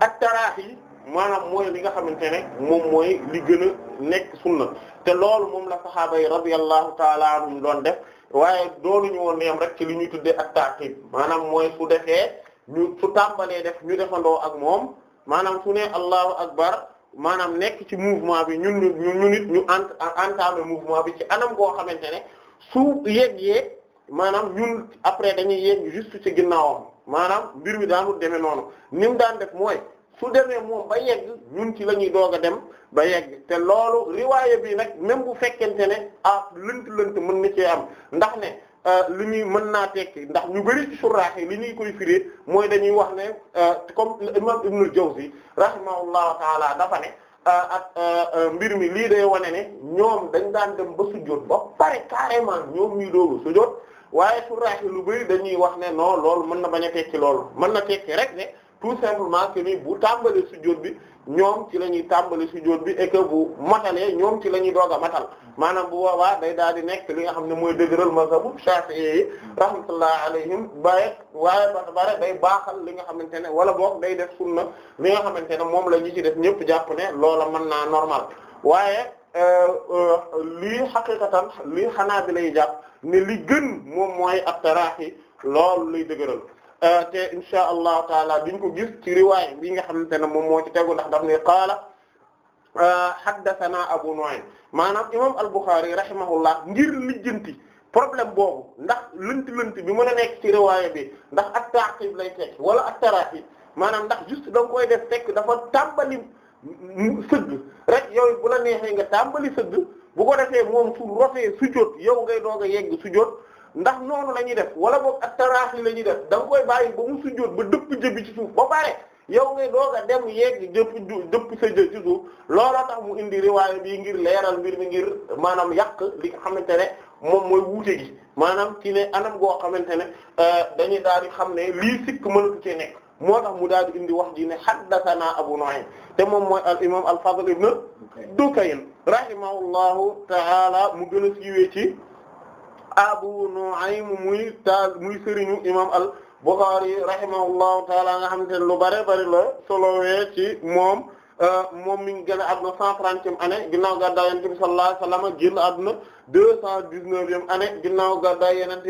Speaker 2: ak taraax yi maanaam mooy li nga xamante ne moom mooy li gën a nekk sunna te loolu moom la sahaaba yi radiyallahu taala anhum doon def waaye doonuñu woon neem rek ci li ñuy tuddee ak taqib maanaam mooy su defee ñu su tàmbalee def ñu defandoo ak moom maanaam su ne allahu akbar maanaam nekk ci mouvement bi ñun ñu ñu nit ñu ent entamé mouvement bi ci anam goo xamante ne su yéeg maanaam ñun après dañuy yéeg juste ci ginnaawam maanaam mbir mi daanul demee noonu ni daan def mooy su demee moom ba yegg ñun ci la ñuy doog a dem ba yegg te loolu riwaaya bii nag même bu fekkente ne ah lënt lënt mën na cee am ndax ne euh, lu ñuy mën naa tekki ndax ñu bari ci suraax yi li ñuy koy firé mooy dañuy wax ne euh, comme imam Ibnul Jawzi rahimahullahu taala dafa ne euh, ak mbir mi lii day wane ne ñoom dañ daan dem ba sujjóot ba pare carrément ñoom ñuy doogu sujjóot waaye suraax yi lu bari dañuy wax ne non loolu mën na bañ a tekki loolu mën na tekki rek ne tout simplement que ni bu tàmbalee sujjóot bi ñoom ci la ñuy tàmbali sujjóot bi et que bu matalee ñoom ci la ñuy doog a matal maanaam bu boobaa day daal di nekk li nga xam ne mooy dëgëral mazhabu Shafi'i yi rahmatullah alayhim baye waaye ba day baaxal li nga xamante ne wala boog day def sunna li nga xamante ne moom la ñu ci def ñëpp jàpp ne loola mën naa normal waaye euh, euh, lii xaqiqatan lii xanaa bi lay jàpp ne li gën moom mooy ak taraax yi loolu lay dëgëral Euh, te insha allahu taala biñ ko gis ci riwaay bi nga xamante ne moom moo ci tegu ndax daf ne qaala euh, haddathana Abu Nu'aym maanaam imam al-Bukhari rahimahullah ngir lijjanti problème boobu ndax lënt-lënt bi mën a nekk ci riwaay bi ndax at-ta'qib lay teg wala at-taraqib maanaam ndax juste da nga koy def fekk dafa tàmbali sëgg rek yooyu bu la neexee nga tàmbali sëgg bu ko defee moom su rotee sujjóot yow ngay doog a yegg sujjóot ndax noonu la ñuy def wala boog ak taraax la ñuy def da nga bàyyi ba mu sujjóot ba dëpp jëbi ci suuf ba pare yow ngay doog a dem yegg dëpp dëpp sa jë tax mu indi riwaaya bi ngir leeral mbir mi ngir maanaam yàq li nga xamante ne moom mooy wuute gi maanaam ci ne anam goo xamante ne euh, dañuy daal di xam ne lii sikk mënatu cee moo tax mu daal di indi wax ji ne haddathana Abu Nu'aym te moom mooy al imam al Fadl ibn Dukayn rahimahullahu ta'ala mu gën a siiwee ci Abu Nu'aym muy taal muy sëriñu imam al Bukhari rahimahullahu taala nga xamante ne lu bare bari la solowee ci moom euh, moom mi ngi gën a adduna cent trentième année ginnaaw gàddaay yonent bi sallallahu alayhi wa sallam génn adduna deux cent dix-neuvième année ginnaaw gàddaay yonent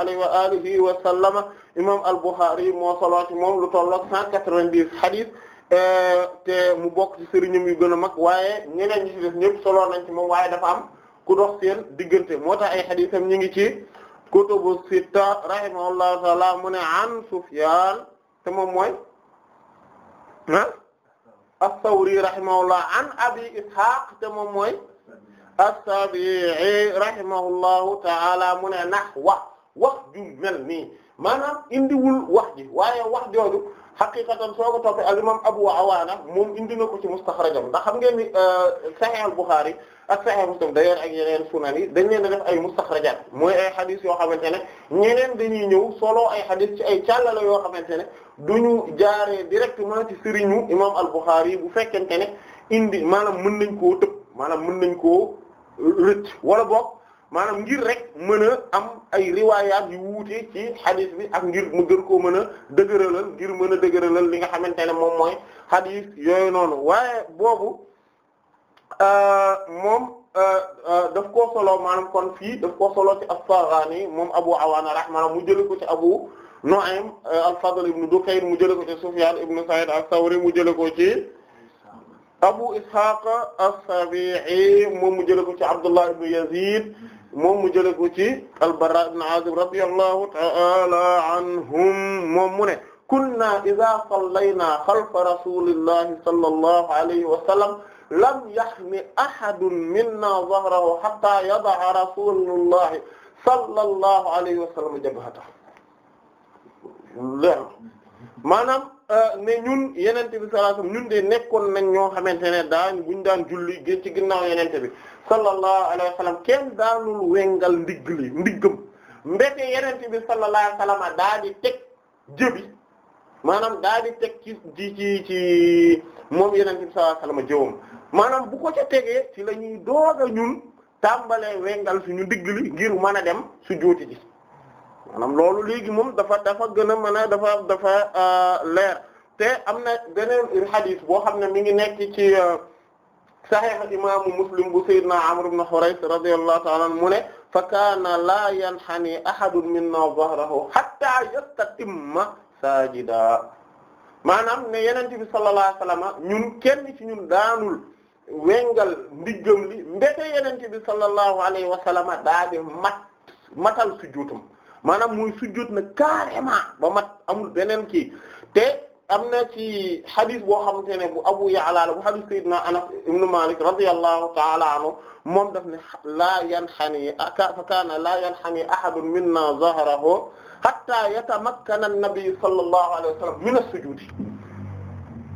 Speaker 2: alayhi wa alihi wa sallama imam al Bukhari moo soloo moom lu tollook cent quatre-vingt-dix hadith euh, te mu bokk ci sëriñam yu gën a mag waaye ñeneen ñi ci ñëpp soloo nañ ci moom waaye dafa ku dox seen diggante ay xadiisam ñu ngi ci kutubu sitta rahimahullahu taala mu ne an Sufyaan te moom mooy ah as an Abi Ishaq te moom mooy as-Sabi'i rahimahullahu taala mu ne nax wax wax ju mel nii maanaam indiwul wax ji waaye wax jooju xaqiqatan soo ko toppee al imam Abu Awaana moom indi na ko ci mustaxrajam ndax xam ngeen ni euh, Sahih al Bukhari ak Sahih Muslim d'ailleurs ak yeneen sunan yi dañ leen a def ay mustaxrajat mooy ay xadis yoo xamante ne ñeneen dañuy ñëw solo ay xadis ci ay càllala yoo xamante ne duñu jaare directement ci sëriñu imam al Bukhari bu fekkente ne indi maanaam mën nañ koo tëb maanaam mën nañ koo rëcc wala bokk maanaam ngir rek mën a am ay riwaayaat yu wuute ci xadis bi ak ngir mu gër ko mën a dëgëralal ngir mën a dëgëralal li nga xamante ne moom mooy xadis yooyu noonu waaye boobu euh, moom euh, euh, daf koo solo maanaam kon fii daf koo solo ci as-Saghani moom Abu Awaana mu jëlee ko ci Abu Nu'aym al-Fadl ibn Dukayn mu jëlee ko ci Sufyan ibn Sa'id as-Sawri mu jëlee ko ci. Abu Ishaq as-Sabi'i moom mu jëlee ko ci Abdullah ibn Yazid moom mu jëlee ko ci al-Barra ibn Azib radiyallahu ta'ala anhum moom mu ne kunna idha sallayna khalfa rasulillahi sallallahu alayhi wa sallam lam yahmi ahadun minna dhahrahu hatta yada'a rasulullahi sallallahu alayhi wa sallam jabhatahu leer maanaam ne euh, ñun yenente bi sallallahu ñun de nekkoon nañ ñoo xamante ne daañ buñ daan julli gén ci ginnaaw yenente bi sallallahu alayhi wasallam kenn daanul wengal ndigg li ndiggam mbete yenente bi sallallahu alayhi wasallam daa di teg jëbi maanaam daa di teg ci ci ci ci moom yenente bi sallallahu alayhi wasallam jëwam maanaam bu ko ca tegee ci lañuy ñuy doog a ñun tàmbalee wengal suñu ndigg li ngir mën a dem su jooti ji maanaam loolu léegi moom dafa dafa gën a mën a dafa dafa euh, leer te am na beneen hadith boo xam ne mi ngi nekk ci euh, sahih imaamu muslim bu sayyidina amr ibn hurays radiyallahu ta'ala anhu mu ne fa kaana laa yanhani ahadun minna zahrahu hatta yastatimma sajida maanaam ne yenente bi sallallahu alayhi wasallam ñun kenn ci ñun daanul wengal ndiggam li mbete yenente bi sallallahu alayhi wasallam daa di mat matal sujjóotam maanaam muy sujjóot na carrément ba mat amul beneen kii te am na ci hadith boo xamante ne bu Abu Ya'la la bu hadith Sayyidina Anas ibn Malik radiyallahu ta'ala anhu moom daf ne laa yanhani fa kaana laa yanhani ahadun minna zahrahu hatta yatamakkana an-nabi sallallahu alayhi wa sallam min as-sujud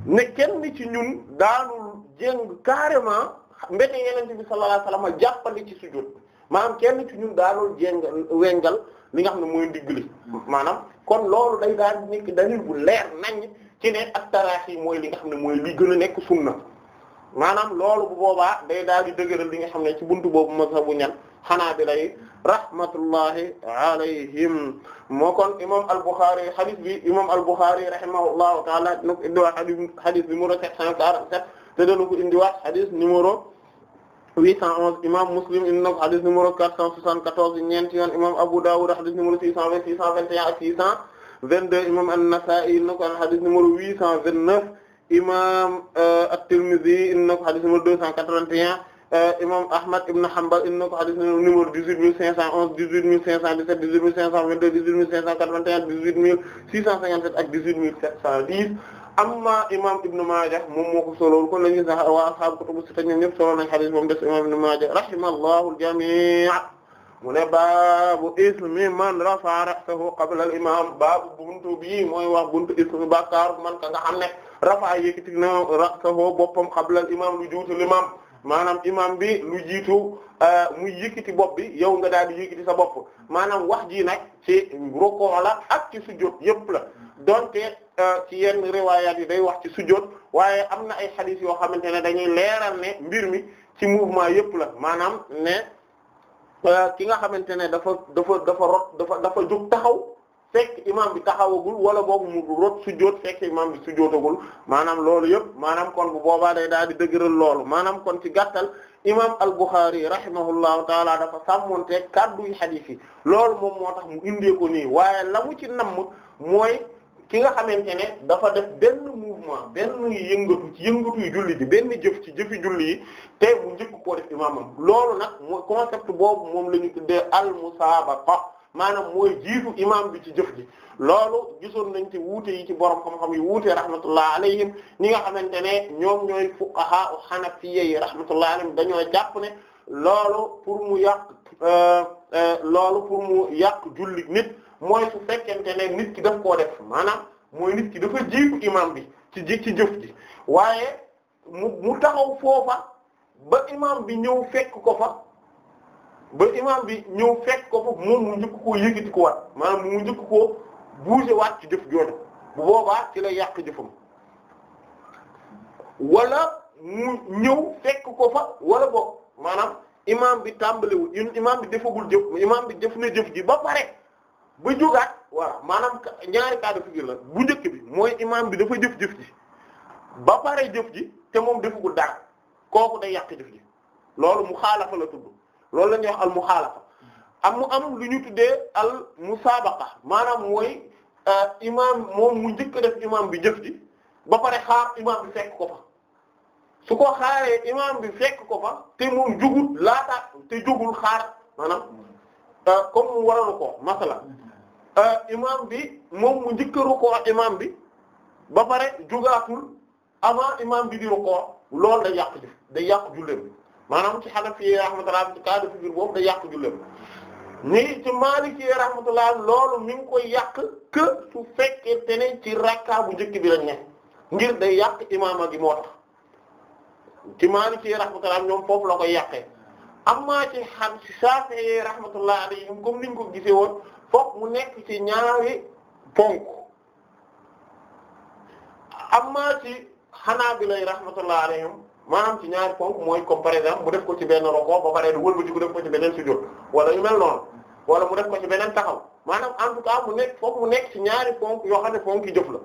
Speaker 2: ne kenn ci ñun daanul jéng carrément mbete yeneen bi sallallahu alayhi wa sallam jàppandi ci sujjóot maanaam kenn ci ñun daalool jéng wengal li nga xam ne mooy ndigg li maanaam kon loolu day daal nekk dalil bu leer nañ ci ne ak taraax yi mooy li nga xam ne mooy li gën a nekk sunna maanaam loolu bu boobaa day daal di dëgëral li nga xam ne ci buntu boobu mazhabu ñan xanaa bi lay rahmatullahi alayhim moo kon imam al-Bukhari hadith bi imam al-Bukhari rahimahullahu taala dina ko indiwaat hadith hadith numéro 747 te dana ko indiwaat hadith numéro 811 imam Muslim indi na ko hadith numéro 474 ñeenti yoon imam Abu Dawud hadith numéro 620 621 ak 622 imam An-Nasa'i indi na ko hadith numéro 829 imam euh, At-Tirmidhi indi na ko hadith numéro 281 euh, imam Ahmad ibn Hanbal indi na ko hadith numéro 18511 18517 18522 18581 18657 ak 18710 amma imam Ibn Maaja moom moo ko solool kon lañu sax waa ashaabu kutubu sitta ñoom ñëpp solo nañ xadis Ibn Maaja rahimaallahu aljamii mu ne baabu ismi man rafa'a ra'sahu qabla al baabu buntu bii mooy wax buntu ismi bàkkaaru man ka nga xam ne rafa'a yékkati na ra'sahu boppam qabla al imam lu jiitu l bi lu Euh, muy yëkkati bopp bi yow nga daal di sa bopp maanaam wax ji nag ci rukoo la ak ci sujjóot yëpp la donte euh, ci yenn riwaayaat yi day wax ci sujjóot waaye am na ay xadiis yoo xamante ne dañuy leeral ne mbir mi ci mouvement yëpp la maanaam ne euh, ki nga xamante ne dafa dafa dafa dafa dafa jóg taxaw fekk imam bi taxawagul wala boobu mu rot sujjóot fekk imam bi sujjóotagul maanaam loolu yëpp maanaam kon bu boobaa day daal di dëgëral loolu maanaam kon ci gàttal imam al-Bukhari rahimahullahu taala dafa sàmmonte kaddu yi hadith yi loolu moom moo tax mu indee ko nii waaye la mu ci namm mooy ki nga xamante ne dafa def benn mouvement benn yëngatu ci yëngatu yu julli ji benn jëf ci jëfi julli yi te mu njëkk koo def imamam loolu nag mooy concept boobu moom la ñu tuddee maanaam mooy jiitu imaam bi ci jëf ji loolu gisoon nañ ci wuute yi ci borom xam-xam yi wuute rahmatullah alayhim ñi nga xamante ne ñoom ñooy fuqaha u hanafiyya yi rahmatullah alayhim dañoo jàpp ne loolu pour mu yàq euh, euh, loolu mu yàq julli nit mooy su fekkente ne nit ki daf koo def maanaam mooy nit ki dafa jiitu imaam bi ci ji ci waaye mu mu taxaw foofa ba imaam bi ñëw fekk ko fa ba imaam bi ñëw fekk ko foofu moom mu ko koo yëkkati ko waat maanaam mu njëkk ko bougé waat ci jëf jooju bu boobaa ci la yàq jëfam wala mu ñëw fekk ko fa wala boog maanaam imaam bi tàmbalewul imaam bi defagul jëf imaam bi def na jëf ji ba pare ba jógaat voilà maanaam ñaari cas de la bu njëkk bi mooy bi dafa jëf jëf ji ba pare jëf ji te moom defagul dara kooku day yàq jëf ji loolu mu xaalafa la tudd loolu la ñuy wax al muxaalafa am mu am lu ñu tuddee al musaabaqa maanaam mooy euh, imaam moom mu njëkk def imaam bi jëf ba pare xaar imaam bi fekk ko fa su ko xaaree imaam bi fekk ko fa te moom jugul laata te jugul xaar maanaam euh, comme mu waral ko masala euh, imaam bi moom mu njëkk rukkoo imaam bi ba pare jugaatul avant imaam bi di rukkoo loolu day yàq jëf day yàq julleem bi maanaam ci Hanafi am ci cas de figure boobu da yàq julleem nii ci Maliki rahmatullah loolu mi ngi koy yàq que su fekkente ci rakka bu njëkk bi lañ ne ngir day yàq imaama gi moo tax ci Maliki rahmatullah ñoom foofu la koy yàqee amma ci xam ci Shafi'i rahmatullah alayhim comme niñ ko gisee woon foofu mu nekk ci ñaari ponk amma ci Hanabila rahmatullah alayhim maanaam ci ñaari ponk mooy comme par exemple mu def ko ci benn roko ba pare wëlbati wala yu mel noonu wala mu def ko ci beneen taxaw maanaam en tout cas mu nekk foofu mu nekk ci ñaari ponk yoo xam ne ponk yi jëf la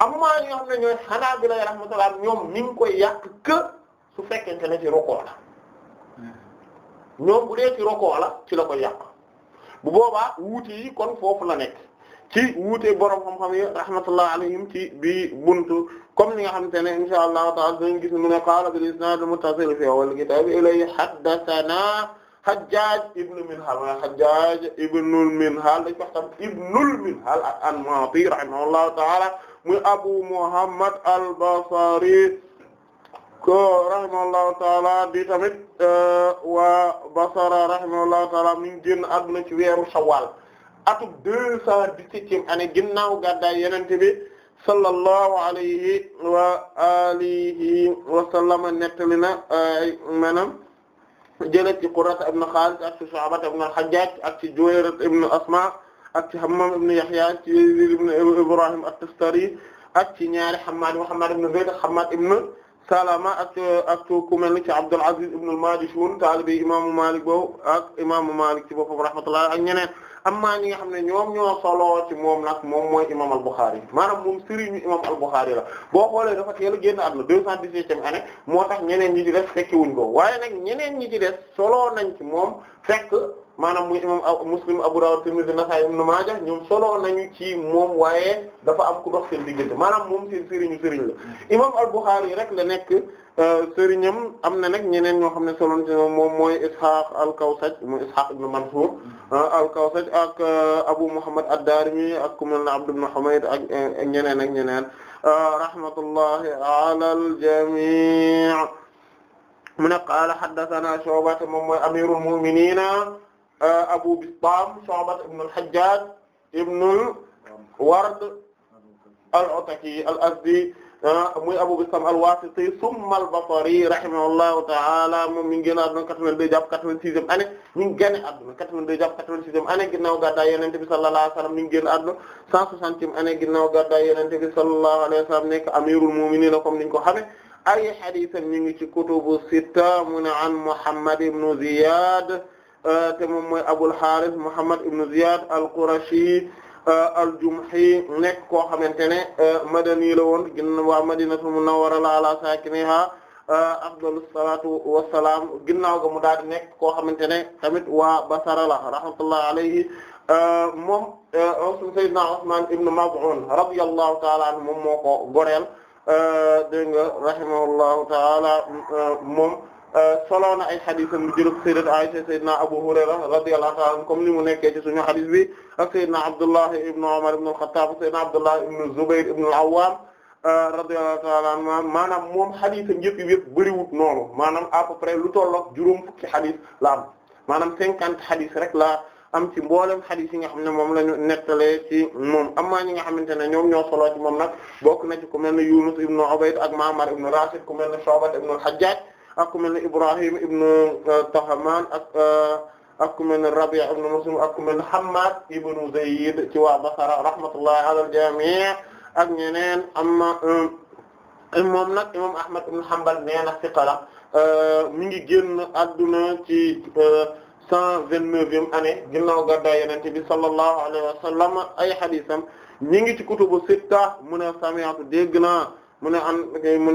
Speaker 2: am maa ñoo xam ne ñooy xanaa bi lay rahmatullah ñoom ni ngi koy yàq que su fekkente ne ci roko la ñoom bu dee ci roko la ci la koy yàq bu boobaa wuute yi kon foofu la nekk ci wuute borom xam-xam yi rahmatullah alayhim ci bi buntu comme ni nga xamante ne insha allahu taala dañu gis mu ne qaala bil isnaad muttasil fi awwal kitaab ilay haddathana Hajjaj ibn Minhal wa Hajjaj ibn al-Minhal dañu wax tam ibn al-Minhal an-Naati rahimahullahu taala muy Abu Muhammad al-Basri ko rahimahullahu taala di tamit euh, waa Basra rahimahullahu taala mi ngi génn àdduna ci weeru Shawwal atum deux cent dix-septième année ginnaaw gàddaay yenente bi sallallahu alayhi wa alihi wa sallama nettali na maanaam jëlet ci Qurrata ibn Khalid ak ci Shu'ba ibn al-Hajjaj ak ci Juwayrat ibn Asma ak ci Hammam ibn Yahya ci Yazid ibn Ibrahim at-Tustari ak ci ñaari Hammad Muhammad ibn Zayd ak Hammad ak ak ku mel ni ci Abdul Aziz ibn al-Majishun taalibi imaamu Malik boobu ak imaamu Malik ci boppam rahmatullah ak ñeneen am maa ñi nga xam ne ñoom ñoo solo ci moom nag moom mooy imam al-Bukhari maanaam moom sëriñu imam al-Bukhari la boo xoolee dafa teel a génn àdduna deux cent dix-septième année moo tax ñeneen ñi ci des fekki wuñ ko waaye nag ñeneen ñi ci des solo nañ ci moom fekk maanaam muy imam Muslim Abu Dawud Tirmidhi Nasa'i Ibn Maaja ñoom solo nañu ci moom waaye dafa am ku dox seen diggante maanaam moom seen sëriñu sëriñ la imam al-Bukhari rek la nekk euh, sëriñam am na nag ñeneen ñoo xam ne solo moom mooy Ishaq al-Kawsaj muy Ishaq ibn Mansur euh, al-Kawsaj ak euh, Abu Muhammad ad-Darimi ak ku mel ne Abd ak ñeneen ak ñeneen rahmatullahi ala al-jami' mu ne qaala haddathana Shu'ba moom mooy amirul mu'minina Euh, Abu Bistam Shu'ba ibn al-Hajjaj ibn al-Ward al-Ataki al-Azdi euh, muy Abu Bistam al-Wasiti thumma al-Basri rahimahullahu ta'ala moom mi ngi génn àdduna 82 jàpp 86e année mi ngi génn àdduna 82 jàpp 86e année ginnaaw gàddaay Yonent bi sallallahu alayhi wa sallam mi ngi génn àdduna 160e année ginnaaw gàddaay Yonent bi sallallahu alayhi wa sallam nekk amirul mu'minin comme niñ ko xamee ay hadiisam ñu ngi ci kutubu sitta mu ne an Muhammad ibn Ziyad Euh, te moom mooy Abul Haaris Muhammad ibn Ziyad al-Qurashi euh, al-Jumhi nekk koo xamante ne euh, madani la woon ginnaaw waa Madinatul Munawwara ala saakiniha afdalu salaatu wa salaam ginnaaw ga mu daal di nekk koo xamante ne tamit waa Basra la rahmatullahi alayhi moom Sayyidina Usmaan ibn Maz'un radiyallahu ta'ala anhu moom moo ko goreel dégg nga rahimahullahu ta'ala moom. Euh, soloo na ay xadisam bi jëlëb sayyidat Aisha sayyidina Abu Hurayra radiyallahu ta'ala anhu comme ni mu nekkee ci suñu xadis bi ak sayyidina Abdullah ibn Umar ibn al-Khattab sayyidina Abdullah ibn Zubayr ibn al-Awwam euh, radiyallahu ta'ala anhu maanaam moom xadisam yëpp yëpp bëriwut noonu maanaam à peu près lu tollook juróom fukki xadis la am maanaam cinquante xadis rek la am ci mboolem xadis yi nga xam ne moom la ñu nettalee ci moom amaa ñi nga xamante ne ñoom ñoo solo ci moom nag bokk na ci ku mel ne Yunus ibn Ubayd ak Ma'mar ibn Rashid ku mel ne Shu'ba ibn al-Hajjaj ak ku mel ne Ibrahim ibn euh, Tahman ak euh, ak ku mel ne ibn Muslim ak ku mel ne Hammad ibn Zayd ci waa Basra rahmatullahi al-jami' ak ñeneen amma euh, imam Ahmad ibn Hanbal nee na siqa la mi ngi génn adduna ci cent vingt-neuvième année ginnaaw gàddaay Yonent bi sallallahu alayhi wa sallam ay hadiisam ñi ngi ci kutubu sitta mu ne sami'tu dégg naa mu ne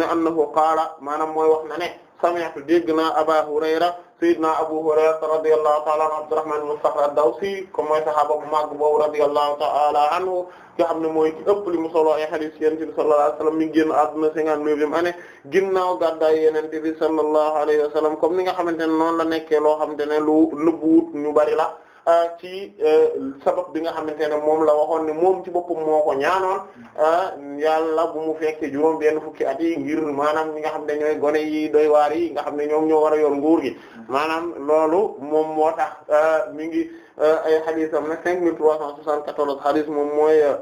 Speaker 2: an mu wax na sami'tu dégg naa Aba Hurayra sayyidina Abu Hurayra radiyallahu ta'ala anhu Abdurrahman ibn Sakhr ad-Dawsi ko mooy sahaaba bu màgg boobu radiyallahu ta'ala anhu nga xam ne mooy ci ëpp li mu solo ay hadith Yonent bi sallallahu alayhi wa sallam mi ngi génn àdduna cinquante-neuvième année ginnaaw gàddaay Yonent bi sallallahu alayhi wa sallam comme ni nga xamante ne noonu la nekkee loo xamante ne lu nëbbuwut ñu bari la Ah, ci eh, sabab bi nga xam ne moom la waxoon ne moom ci boppam moo ko ñaanoon ah, la bu mu fekkee juróom benn fukki at yi ngir maanaam ñi nga xam ne ñooy gone yi doy waar yi nga xam ne ñoom ñoo war a yoon nguur gi maanaam loolu moom moo tax ah, mi ngi eh, ay hadisam nag cinq mille trois cent soixante-quatorze hadis moom mooy eh,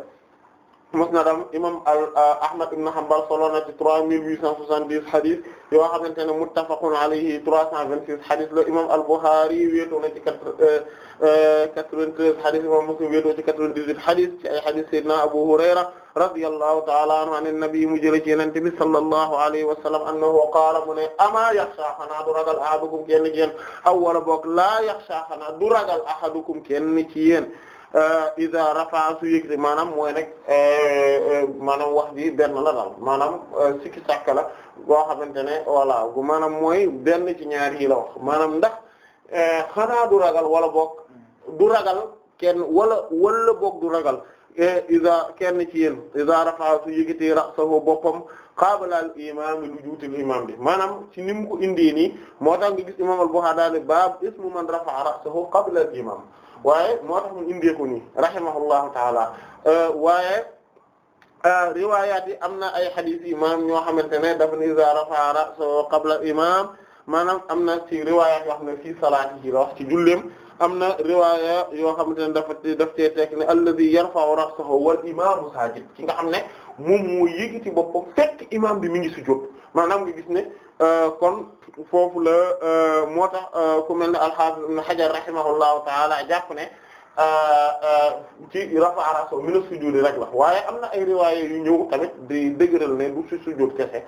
Speaker 2: musnadam imam al ah, Ahmad ibn Hanbal solo na ci trois mille huit cent soixante-dix hadith yoo xamante ne muttafaqun alayhi trois cent vingt-six hadith la imam al Bukhari wéetoo na ci eh, eh, quatre-vingt-treize hadith imam Muslim wéetoo ci quatre-vingt-dix-huit hadith ci ay hadith Seydina Abu Hurayra radiyallahu ta'ala anhu an nabi mu jële ci yenente bi sallallahu alayhi wa sallam annahu qaala mu ne ama yaxsha xanaa du ragal ahadukum kenn ci yéen aw wala boog laa yaxsha xanaa du ragal ahadukum kenn ci yéen Euh, iza rafa su yëkkati maanaam mooy nag euh, euh, maanaam wax ji benn la daal maanaam sikki sàkk la boo xamante ne voilà maanaam mooy benn ci ñaar yi la wax maanaam ndax xanaa du ragal wala boog du ragal kenn wala wala boog du ragal iza kenn ci yéen iza rafa su yëkkati ra'sahu boppam xaabalal imaam lu juutil imaam bi maanaam ci ni mu ko indi nii moo tax nga gis imaam al-Bukhari daal baab ismu man rafa'a ra'sahu qablal waaye moo tax mu indee ko nii rahimahullahu taala euh, waaye euh, riwaayaat yi am na ay hadith yi maanaam ñoo xamante ne dafa ni iza rafa'a ra'sahu qabla imam maanaam am na ci riwaayaat yoo xam ne fii salaati yi la wax ci julleem am na riwaaya yoo xamante ne dafa daf cee teg ne alladhi yarfa'u ra'sahu wal imaamu saajid ki nga xam ne mu moo yéegi ci boppam fekk imam bi mi ngi sujjóot maanaam nga gis ne euh, kon foofu la euh, moo tax euh, ku mel ne al-Hafiz Ibn Hajar rahimahullahu taala jàpp ne ci rafa'a ra'sahu min as-sujud rek la waaye am na ay riwaaye yu ñëw tamit di dëgëral ne du ci sujjóot kese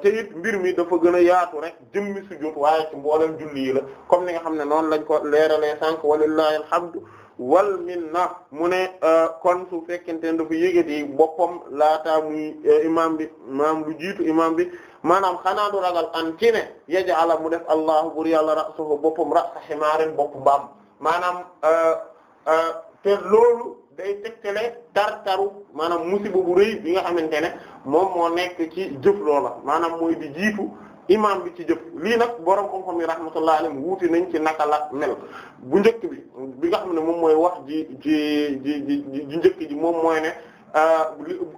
Speaker 2: te it mbir mi dafa gën a yaatu rek jëmmi sujjóot waaye ci mboolem julli yi la comme ni nga xam ne noonu lañ ko leeralee sànq walillahi alhamdu wal minna mu ne euh, kon su fekkente ne dafa yëgati boppam laataa muy euh, imaam bi maam lu jiitu imaam bi maanaam xanaa du ragal an ci ne yaj'ala mu def allahu bur yàlla ra'sahu boppam ra'sa himaarin bopp mbaam maanaam euh, te loolu day tegtale tartaru maanaam musiba bu rëy bi nga xamante ne moom moo nekk ci jëf loola maanaam mooy di jiitu imaam bi ci jëf lii nag borom xam-xam yi rahmatullah alayhi wuuti nañ ci naka mel bu njëkk bi bi nga xam ne moom mooy wax ji ji ji ji njëkk ji moom mooy ne euh,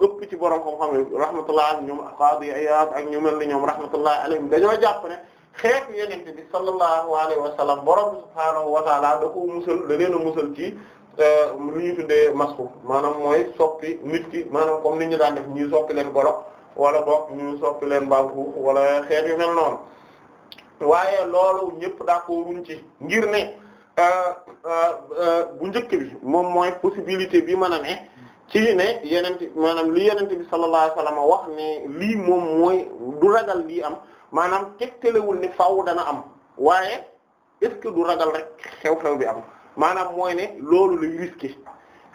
Speaker 2: ëpp ci borom xam-xam yi rahmatullah alayhi ñoom Qaadi Iyaad ak ñu mel ni ñoom rahmatullah alayhi dañoo jàpp ne xeetu yenente bi sallallahu alayhi wa sallam borom subhaanahu wa taala musal da leen a musal ci euh, lu ñu tuddee masku maanaam mooy soppi nit ki maanaam comme ni ñu daan def ñuy soppi leen golo wala boog ñu soppi leen baal wala xeet yu mel noonu waaye loolu ñëpp d'accord wuñ ci ngir ne euh, euh, bu njëkk bi moom mooy possibilité bi mën ne ci ne yenente maanaam li yenente bi sallallahu alayhi wasallam wax ne lii moom mooy du ragal lii am maanaam tegtalewul ni faaw dana am waaye est-ce que du ragal rek xew-xew bi am maanaam mooy ne loolu lañ risqué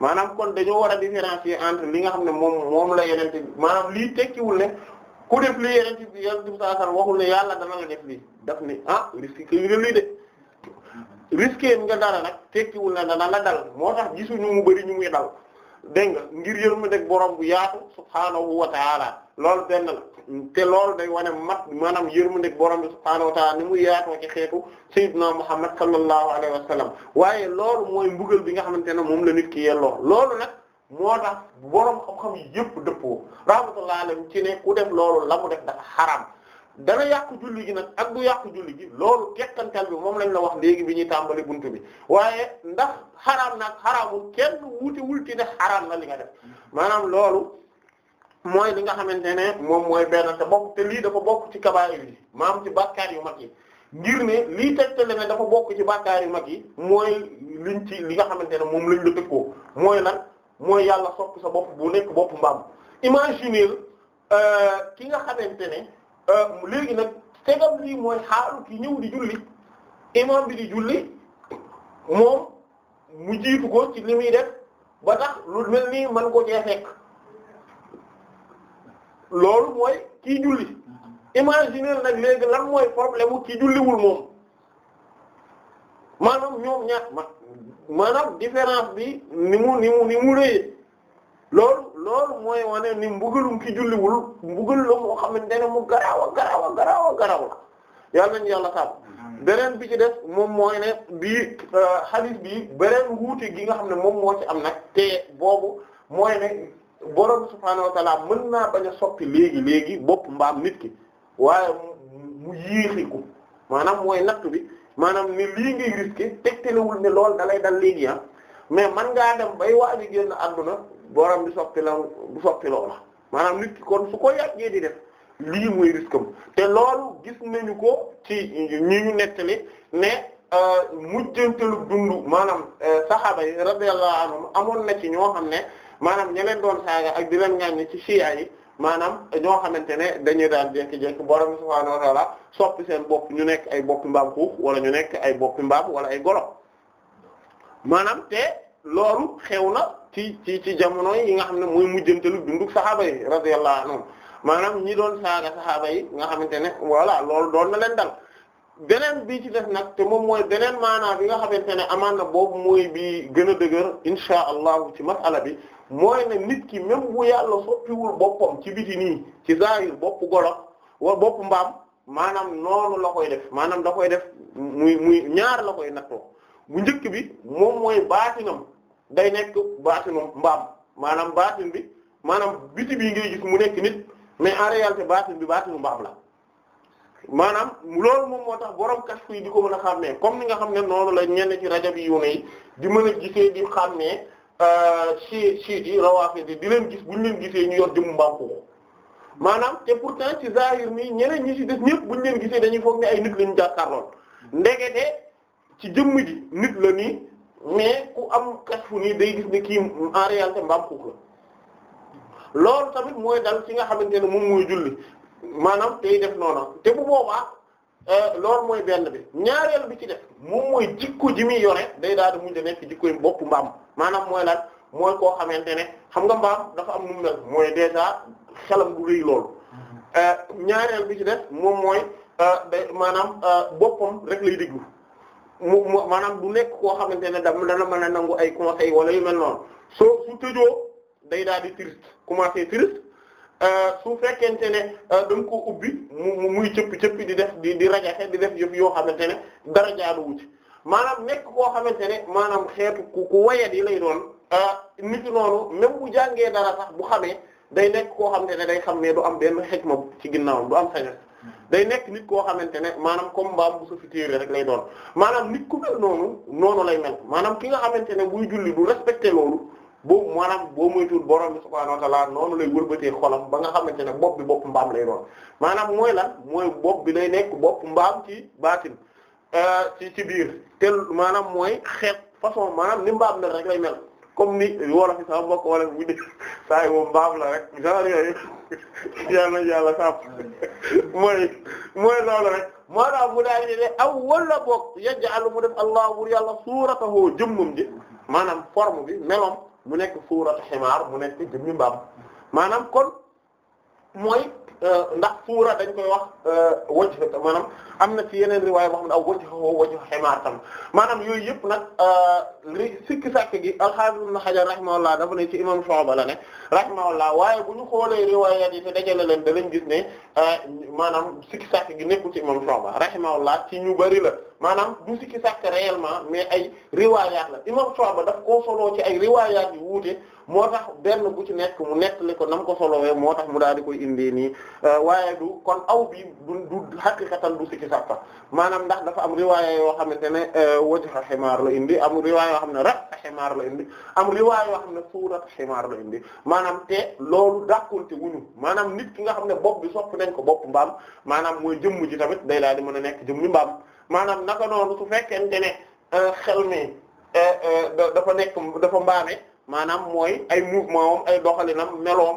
Speaker 2: maanaam kon dañoo war a différencier entre li nga xam ne moom moom la yeneen bi maanaam lii tekkiwul ne ku def li yeneen bi yeneen bi saa saa waxul ne yàlla dana la def lii daf ni ah risque yi nga lii de risque nga dara nag tekkiwul ne dana la dal moo tax gisuñu mu bari ñu muy dal dégg nga ngir yërmandeeg borom bu yaatu subhaanahu wa ta'ala loolu benn la. te loolu day wane mat maanaam yërmandeeg borom bi subhaanahu wa ta'ala ni mu yaatoo ci xeetu sayyidina Muhammad sallallahu alayhi wa sallam waaye loolu mooy mbugal bi nga xamante ne moom la nit ki yelloo loolu nag moo tax boroom xam-xam yi yëpp dëppoo rahmatullahi mu ci ne ku dem loolu la mu def dafa xaraam dana yàqu julli gi nag ak du yàqu julli gi loolu tekkantal bi moom lañ la wax léegi bi ñuy tàmbali buntu bi waaye ndax xaraam nag xaraamul kenn wuute ci ne xaraam na li nga def mooy li nga xamante ne moom mooy benn te bokk te lii dafa bokk ci kabaa'ir yi maam ci bàkkaar yu mag yi ngir ne lii tegtale ne dafa bokk ci bàkkaar yu mag yi mooy luñ ci li nga xamante ne moom lañ la tëkkoo mooy lan mooy yàlla sopp sa bopp bu nekk bopp mbaam imaginer euh, ki nga xamante ne euh, léegi nag segam lii mooy xaaru ki ñëw di julli imam bi di julli moom mu jiitu ko ci li muy def ba tax lu mel nii man ko cee fekk loolu mooy kii julli imaginer nag léegi lan mooy problème u kii julliwul moom maanaam ñoom ñaar ma maanaam différence bi ni mu ni mu ni mu rëyee loolu loolu mooy wane ni mbugalum ki julliwul mbugal la moo xamante ne mu garaaw a garaaw a garaaw a garaaw la yàlla nañu yàlla sàmm beneen bi ci def moom mooy ne bii euh, hadith bi beneen wuute gi nga xam ne moom moo ci am nag te boobu mooy ne borom subhaanahu wa mën naa bañ a soppi léegi léegi bopp mbaam nit ki waaye mu yéexiku maanaam mooy natt bi maanaam ni lii ngay teg tegtalewul ne lool da lay dal léegi ah mais man ngaa dem bay waaj a génn àdduna borom bi soppi la bu soppi loola maanaam nit ki kon su ko yàggee di def lii mooy risque am te loolu gis nañu ko ci ñi ñu nettali ne euh, mujjantalu dund maanaam euh, saxaaba yi radiyallahu anhum amoon na ci ñoo xam ne. maanaam ña leen doon saaga ak di leen ŋaññi ci siyaa yi maanaam ñoo xamante ne dañuy daan jékki-jékki borom subhaanahu wa ta'aala soppi seen bopp ñu nekk ay boppi mbaam xuux wala ñu nekk ay boppi mbaam wala ay golo maanaam te loolu xew na ci ci ci jamono yi nga xam ne mooy mujjantelu dundu saxaaba yi radiyallahu anhum maanaam ñi doon saaga saxaaba yi nga xamante ne voilà loolu doon na leen daal beneen bi ci def nag te moom mooy beneen maanaam bi nga xamante ne amaan na boobu mooy bi gën a dëgër insha allahu ci masala bi mooy ne nit ki même bu yàlla soppiwul boppam ci biti nii ci zahir bopp golo wa bopp mbaam maanaam noonu la koy def maanaam da koy def muy ñaar la koy nattoo bu njëkk bi moom mooy baatinam day nekk baatinam mbaam maanaam baatin bi maanaam biti bii ngay gis mu nekk nit mais en réalité baatin bi baatinu mbaam la maanaam loolu moom moo tax borom kas yi di ko mën a xàmmee comme ni nga xam ne noonu la ñenn ci rajo bi yu ne yi di mën a gisee di xàmmee Euh, chi chiites yi rawaafid di leen gis bu ñu leen gisee ñu yor jëmu mbaam xuux maanaam te pourtant ci zahir nii ñeneen ñi ci des ñëpp bu ñu leen gisee dañuy foog ne ay nit lañu jàkkaarloon ndegete ci jëmm ji nit la ni mais ku am kashfu nii day gis ne kii en réalité mbaam xuux la loolu tamit mooy dal ci nga xamante ne moom mooy julli maanaam tey def noonu te bu boobaa Euh, loolu mooy benn bi ñaareel bi ci def moom mooy jikko ji muy yore day daal di mujj nekk jikko yi bopp mbaam maanaam mooy lan mooy koo xamante ne xam nga mbaam dafa am nu mu mel mooy déjà xelam du rëy loolu euh, ñaareel bi ci moom mooy euh, day maanaam boppam rek lay déglu mu maanaam du nekk koo xamante ne da dana mën a nangu ay conseils wala yu mel noonu soo su tëjoo day daal di triste commencer triste Euh, su fekkente ne euh, da nga ko ubbi mu muy cëppi cëppi di def di di rajaxe di def yëpp yoo xamante ne dara jaaduwu ci maanaam nekk koo xamante ne maanaam xeetu ku ku wayat yi lay doon euh, nit noonu même bu jàngee dara sax bu xamee day nekk koo xamante ne day xam ne du am benn xikma ci ginnaawam du am sañar day nekk nit koo xamante ne maanaam comme mbaam bu sa rek lay doon maanaam nit ku mel noonu noonu lay mel maanaam ki nga xamante ne buy julli du respecté loolu boobu maanaam boo moytuwul borom bi subhaanahu wa ta'aala noonu lay wëlbatee xolam ba nga xamante ne bopp bi bopp mbaam lay doon maanaam mooy lan mooy bopp bi lay nekk bopp mbaam ci baatin euh, ci ci biir te maanaam mooy xeet façon maanaam ni mbaam mel rek lay mel comme ni wolof yi sama mbaam la rek genre yooyu yàlla yàlla mooy mooy mu daal di ne aw wala boog yaj'alu mu def allah wur yàlla suuratahu jëmmam ji maanaam forme bi meloom. mu nekk suuratu ximaar mu nekk jëmmi mbaam maanaam kon mooy euh, ndax suura dañ koy wax euh, wajh maanaam am na ci yeneen riwaay boo xam ne aw tam maanaam yooyu yëpp nag euh, li sikki sàkk gi al-Hafiz Ibn Hajar rahimahullah dafa ne ci imam Shu'ba la ne rahimahullah waaye bu ñu xoolee riwaayaat yi te dajale leen danañ gis ne maanaam sikki sàkk gi nekku ci imam Shu'ba rahimahullah ci ñu bari la maanaam du sikki sàkk réellement mais ay riwaayaat la imam Shu'ba daf koo soloo ci ay riwaayaat yu wuute moo tax benn bu ci nekk mu nettali ko nam ko solowee moo tax mu daal di koy indee nii euh, waaye du kon aw bi du du xaqiqatan du sikki sàkk maanaam ndax dafa am riwaaya yoo xamante ne euh, wajha ximaar la indi am riwaaya yoo xam ne rat ximaar la indi am riwaaya yoo xam ne suurat ximaar la indi maanaam te loolu dàkkunte wuñu maanaam nit ki nga xam ne bopp bi sopp nañ ko bopp mbaam maanaam mooy jëmm ji tamit day daal di mën a nekk jëmmi mbaam maanaam naka noonu su fekkente ne euh, xel mi euh, euh, dafa nekk dafa mbaame maanaam mooy ay mouvement am ay doxalinam meloom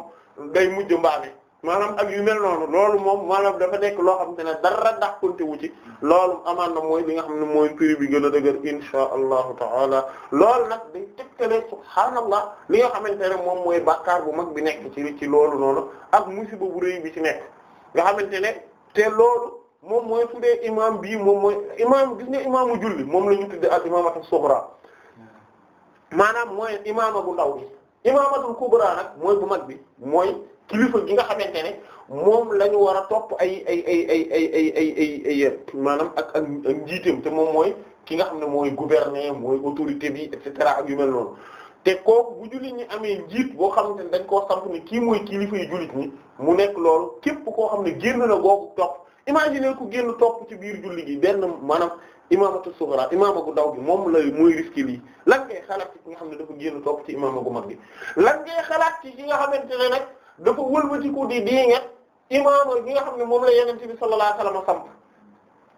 Speaker 2: day mujj mbaame maanaam ak yu mel noonu loolu moom maanaam dafa nekk loo xam te ne dara dàqante wu ci loolu amaan na mooy li nga xam ne mooy prix bi gën a dëgër insha allahu loolu nag day tëkkale subhaanallah li nga xamante ne moom mooy bàkkaar bu mag bi nekk ci ci loolu noonu ak musiba bu rëy bi ci nekk nga xamante ne te loolu moom mooy su dee imaam bii moom mooy imaam gis nga imaamu julli moom la ñu tudde al imaamatu sughra maanaam mooy imaama bu ndaw bi mooy bu mag bi mooy kilifa gi nga xamante ne moom lañu ñu war a topp ay ay ay ay ay ay ay ay ay maanaam ak ak ak njiitam te moom mooy ki nga xam ne mooy gouverneur mooy autorité bi et cetera ak yu mel noonu te kooku bu jullit ñi amee njiit boo xam ne dañ koo samp ni kii mooy kilifa yu jullit ñi mu nekk loolu képp koo xam ne génn na googu topp imagine ku génn topp ci biir julli gi benn maanaam imaamatu sughra imaama gu ndaw gi moom lay muy risque lii lan ngay xalaat ki nga xam ne dafa génn topp ci imaama gu mag gi lan ngay xalaat ci nga xamante ne nag dafa wëlbatiku di diine imaama gi nga xam ne moom la yonent bi sallallahu alayhi wasallam samp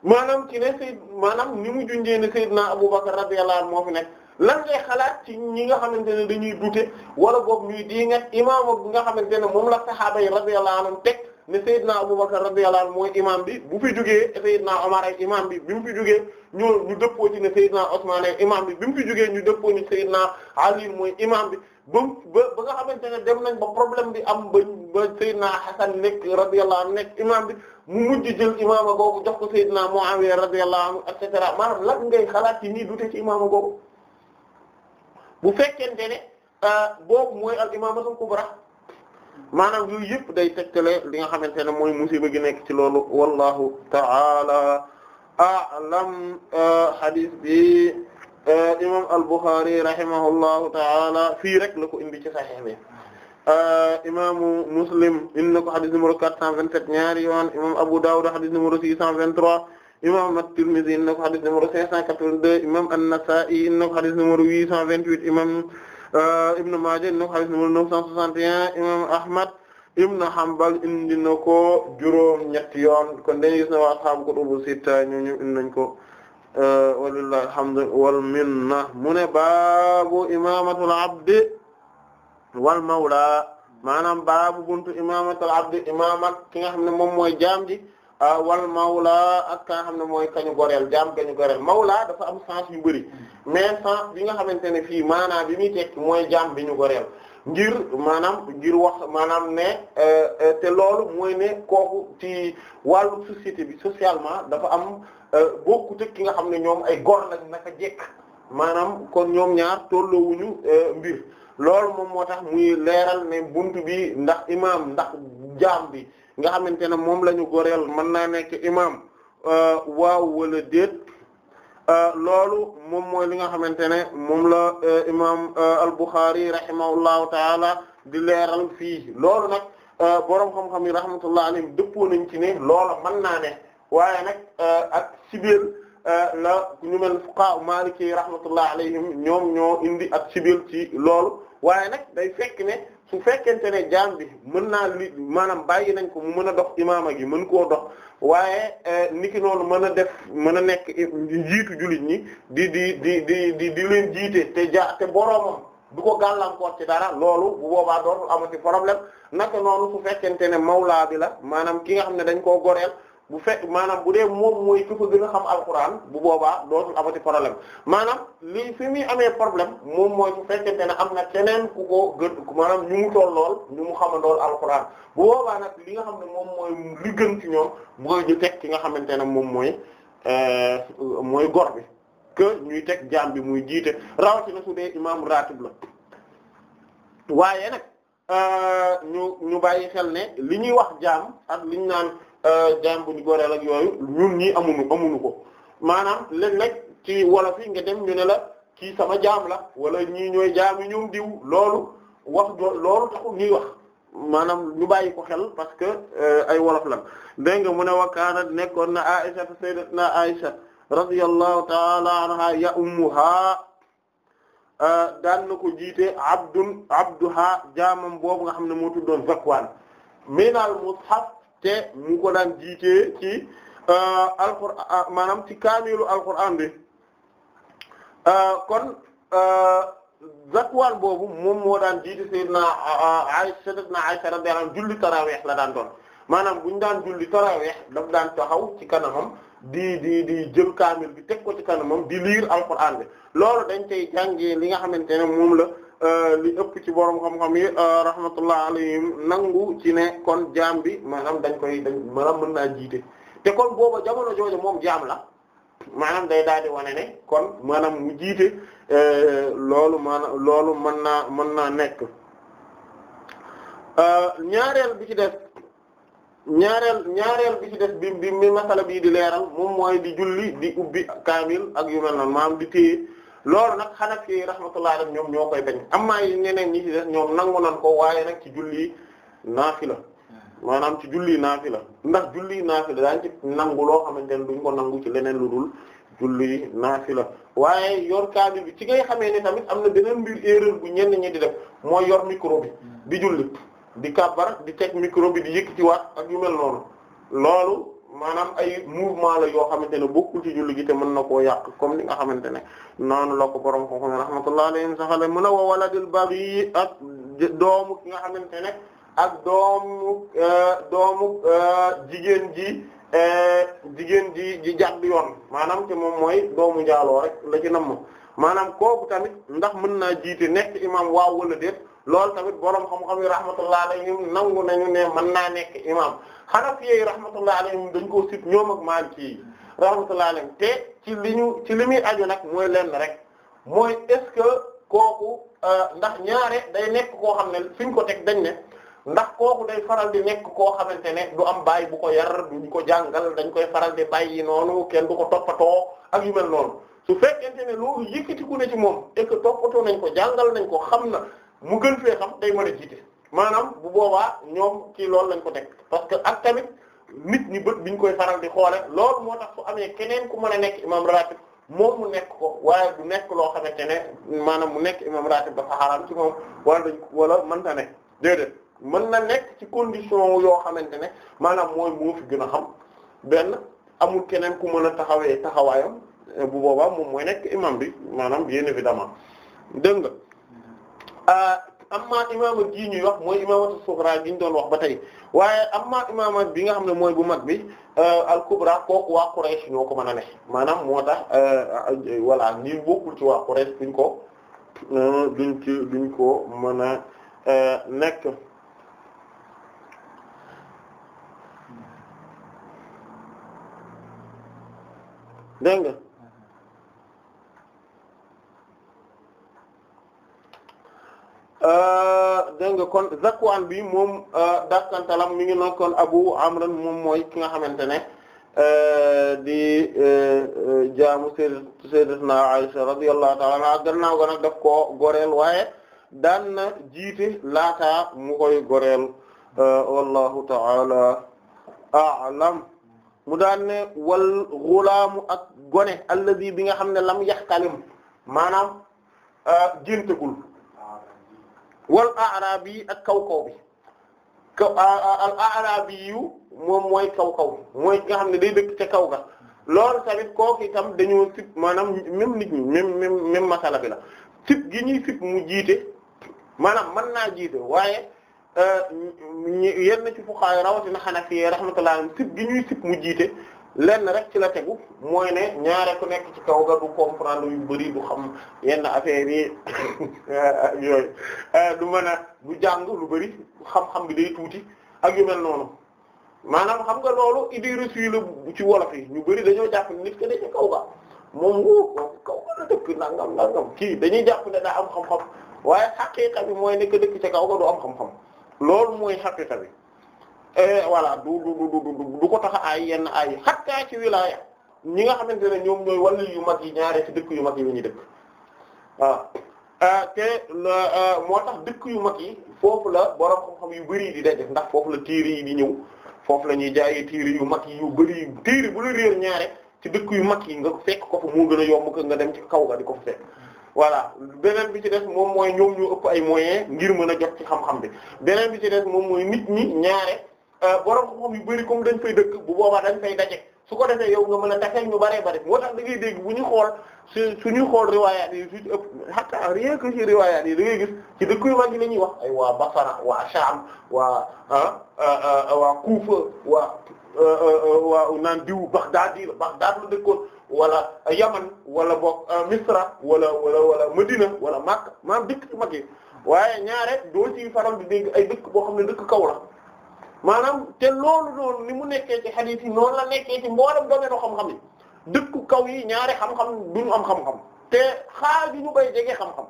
Speaker 2: maanaam ci ne sayd maanaam ni mu junjee ne sayyidna Abubakar radiyallahu anhu moo fi lan ngay xalaat ci ñi nga xamante ne dañuy dute wala boog ñuy diine imaama bi nga xamante ne moom la sahaaba yi radiyallahu anhum teg ne Seydina Aboubacar radiyallahu anhu mooy imam bi bu fi jugee Seydina Omar ay imam bi bi mu fi jugee ñu ñu dëppoo ci ne Seydina Ousmane ay imam bi bi jugee ñu dëppoo ni Seydina mooy imam bi ba ba ba nga xamante ne dem nañ ba problème bi am ba ba Seydina Hasan nekk radiyallahu anhu nekk imam bi mu mujj jël imaama googu jox ko Seydina Muawiya radiyallahu anhu et cetera maanaam lan ngay xalaat ci nii dute ci imaama googu bu fekkente ne euh, boobu mooy al imaamatul kubra maanaam yooyu yëpp day tegtale li nga xamante ne mooy musiba gi nekk ci loolu wallahu ta'ala a'lam hadith bi imam al-Bukhari rahimahullahu ta'ala fii rek la ko indi sahih bi na ko hadith numéro 427 ñaari yoon imam Abu Dawud hadith numéro 623 imam at-Tirmidhi indi na ko hadith numéro 582 imam an-Nasa'i indi na ko hadith numéro 828 imam Euh, Ibn Maaja indi na ko xadis numéro 961 imam Ahmad Ibn Hanbal indi na ko juróom ñetti yoon kon dañuy gis ne waa ashaabu sitta ñu ñu indi nañ ko euh, wal minna mu ne baabu imaamatul abdi wal mawla maanaam baabu buntu imaamatul abdi imaamat ki nga xam ne moom mooy jaam ji Ah, wal mawla ak ka nga xam ne mooy kañu goreel jaam kañu goreel mawla dafa am sens yu bëri mais sens bi nga xamante ne fii maanaam bi muy tekki mooy jaam bi ñu goreel ngir maanaam ngir wax maanaam ne eh, eh, te loolu mooy ne kooku ci wàllu société bi socialement dafa am eh, bokkut ak ki nga xam ne ñoom ay gor lañ a jekk maanaam kon ñoom ñaar tolloowuñu mbir loolu moom moo tax muy leeral ne buntu bi ndax imaam ndax jaam bi nga xamante ne moom lañu ñu goreel mën naa nekk imam euh, waaw wala euh, loolu moom mooy li nga xamante ne moom la euh, imam al-Bukhari rahimahullahu taala di leeral fii loolu nag borom xam-xam yi rahmatullah alayhim dëppoo nañ ci ne loola mën naa ne waaye nag ak sibil la ñu mel fuqaha Maliki rahmatullah alayhim ñoom ñoo indi ak sibil ci loolu waaye nag day fekk ne. su fekkente ne jaam bi mën naa li maanaam bàyyi nañ ko mu mën a dox imaama gi mën koo dox waaye eh, niki noonu mën a def mën a nekk njiitu jullit ñi di di di di di di leen jiite te ja te boroomam du ko gàllankoor ci dara loolu bu boobaa dootul amati problème naka noonu su fekkente ne mawlaa bi la maanaam ki nga xam ne dañ ko goreel bu fekk maanaam bu dee moom mooy gën a xam alquran bu boobaa dootul amati problème maanaam lii fi muy amee problème moom mooy bu fekkente ne am na keneen ku ko gën maanaam ñu mu toll lool ñu mu xam lool alquran bu boobaa nag li nga xam ne moom mooy li gën ci mooy ñu teg ki nga xamante ne moom mooy euh, mooy gor bi que ñuy teg jaam bi muy jiite rawatina su dee imaam ratib la waaye nag euh, ñu ñu xel ne li ñuy wax jaam ak li ñu naan. jaam bu ñu ak yooyu ñun ñii amuñu amuñu ko maanaam léeg-léeg ci wolof yi nga dem ñu ne la kii sama jaam la wala ñii ñooy jaam yi ñoom diw loolu wax jo loolu taxul ñuy wax maanaam ñu bàyyi ko xel parce que euh, ay wolof la dégg nga mu ne wa kaanat nekkoon na Aisha sayyidatuna Aisha radiyallahu ta'ala anha ya ummuha euh, daan na ko jiite abdun abduha jaamam boobu nga xam ne moo tuddoon Zakwaan minal mushaf te mu ko daan jiitee ci euh, alquraan euh, maanaam ci kaamilu alquraan bi euh, kon Zakwaan boobu moom moo daan jiite sayyidna Aisha sayyidna Aisha radiyallahu anha julli tarawih la daan doon maanaam bu ñu daan julli tarawih daf daan taxaw ci kanamam di di di jël kaamil bi teg ko ci kanamam di liir alquraan bi loolu dañ cey jàngee li nga xamante ne moom la Euh, li ëpp ci borom xam-xam yi euh, rahmatullah alayhim nangu ci ne kon jaam bi maanaam dañ koy dañ mën naa jiite te kon booba jamono jooju moom jaam la maanaam day daal di wane ne kon maanaam mu jiite euh, loolu maanaam loolu mën naa mën naa nekk ñaareel bi ci def ñaareel ñaareel bi ci def bi masala bii di leeral moom mooy di julli di ubbi kaamil ak yu mel noonu maanaam di téye. loolu nag Hanafi yi rahmatullahi alayhim ñoom ñoo koy bañ am yi ñeneen ñi ci def ñoom nangu nan ko waaye rek ci julli naafila maanaam ci julli naafila ndax julli naafila daañu ci nangu loo xamante ne duñ ko nangu ci leneen lu dul julli naafila waaye yor kaamil bi ci ngay xamee ne tamit am na beneen mbir erreur bu ñenn ñi di def mooy yor micro di julli di kàbbar di teg micro bi di yëkkatiwaat ak yu mel noonu loolu. maanaam ay mouvement la yoo xamante ne bokkul ci julli gi te mën na koo yàq comme li nga xamante ne noonu la ko borom ko xamee rahmatullah alayhim saxale mën a wa waladil baghi ak doomu ki nga xamante ne ak doomu euh, doomu euh, jigéen ji euh, jigéen ji ji jàdd yoon maanaam te moom mooy doomu njaaloo rek la ci nam maanaam kooku tamit ndax mën naa jiite nekk imam waaw wala déet loolu tamit borom xam-xam yi rahmatullah alayhim nangu nañu ne mën naa nekk imam Hanafiyyi rahmatullahi alayhim dañ koo sit ñoom ak Maliki rahmatullahi alayhim te ci li ñu ci li muy aju nag mooy lenn rek mooy est-ce que kooku euh, ndax ñaare day nekk koo xam ne fiñ ko teg dañ ne ndax kooku day faral di nekk koo xamante ne du am baay bu ko yar duñ ko jàngal dañ koy faral di bàyyi noonu kenn du ko toppatoo ak yu mel noonu su fekkente ne loolu yëkkatiku ne ci moom et que toppatoo nañ ko jàngal nañ ko xam na mu gën fee xam day mën a jiite. maanaam bu boobaa ñoom ci loolu lañ ko teg parce que ak tamit nit ñi bët biñ koy faral di xoole lool moo tax su amee keneen ku mën a nekk imam ratib moom mu nekk ko waaye du nekk loo xamante ne maanaam mu nekk imam ratib dafa xaraam ci moom wala dañ wala mën na nekk déedéet mën na nekk ci condition yoo xamante ne maanaam mooy moo fi gën a xam benn amul keneen ku mën a taxawee taxawaayam bu boobaa moom mooy nekk imam bi maanaam bien évidemment dégg nga euh, amma imaama gi ñuy wax mooy imaamatu sughra gi ñu doon wax ba tey waaye amma imaama bi nga xam ne mooy bu mag bi euh, al kubra kooku waa Quraysh ñoo ko mën a ne maanaam moo tax euh, voilà ñi bokkul ci waa Quraysh duñ ko euh, duñ ci ko mën a nekk dégg kon Zakwaan bi moom euh, dakkantalam mi ngi noon kon Abu Amran moom mooy ki nga xamante ne euh, di euh, jaamu sayyidatuna Aisha radiyallahu ta'ala anha gannaaw ga koo goreel waaye daan na jiite laataa mu koy goreel wallahu ta'ala a'lam mu daan ne wal xulaamu ak gone alladi bi nga xam ne lam yaxtalim maanaam géntagul wal aarabi yi ak kaw kaw bi kaw al aarabi yu moom mooy kaw kaw mooy nga xam ne day dëkk ca kaw ga loolu tamit kooku itam dañu sib maanaam même nit ñi même même même masala bi la gi ñuy sib mu jiite maanaam mën naa jiite waaye euh, yenn ci fuqaha rawatina Hanafi rahmatullah sib gi ñuy sib mu jiite lenn rek ci la tegu mooy ne ñaare ku nekk ci kaw ga du comprendre yu bari du xam yenn affaire yi yooyu euh, du mën a du jàng lu bari xam-xam bi day tuuti ak yu mel noonu maanaam xam nga loolu idée reçue la ci wolof yi ñu bari dañoo jàpp nit que dañu kaw ga moom woo kaw ga la dëkk nangam nangam kii dañuy jàpp ne daa am xam-xam waaye xaqiiqa bi mooy nekk dëkk ci kaw ga du am xam-xam loolu mooy xaqiiqa bi Euh, voilà du du du du ko tax aay yenn aay xattaa ci wilaya ñi nga xamante ne ñoom ñooy wàllu yu mag yi ñaare ci dëkk yu mag yi ñu dëkk euh, euh, moo tax dëkk yu mag yi foofu la borom yu bari di daje ndax foofu la tiir yi di ñëw foofu la ñuy jaayee tiir yu mag yi yu bari tiir bu la réer ñaare ci dëkk yu mag yi nga fekk ko fa mu gën a yomb ko nga dem ci kaw ga di ko fa fekk. voilà beneen bi ci des moom mooy ñoom ñu ëpp ay moyens ngir mën a jot ci xam-xam bi beneen bi ci des moom mooy nit ñi ñaare. Euh, borom xam-xam yu bëri comme dañ fay dëkk bu boobaa dañ fay daje su ko defee yow nga mën a taxee ñu bëree bëri moo tax da ngay dégg bu ñu xool su suñuy xool riwaayaat yi su ëpp hatta yi ngay gis ci dëkk yi mag yi la ñuy wax ay waa Basra waa Sham waa ah, ah, ah waa Kufa waa euh, euh, waa naan diw Baghdad yi la Baghdad la dëkkoon wala Yaman wala boog Misra wala wala wala Medina wala Makka maanaam dëkk yu mag yi waaye ñaare doo ci faral di dégg ay dëkk boo xam ne dëkk kaw maanaam te loolu noonu ni mu nekkee ci hadith yi noonu la nekkee ci mboolem domaine xam-xam yi dëkku kaw yi ñaari xam-xam duñu am xam-xam te xaaju ñu bay jege xam-xam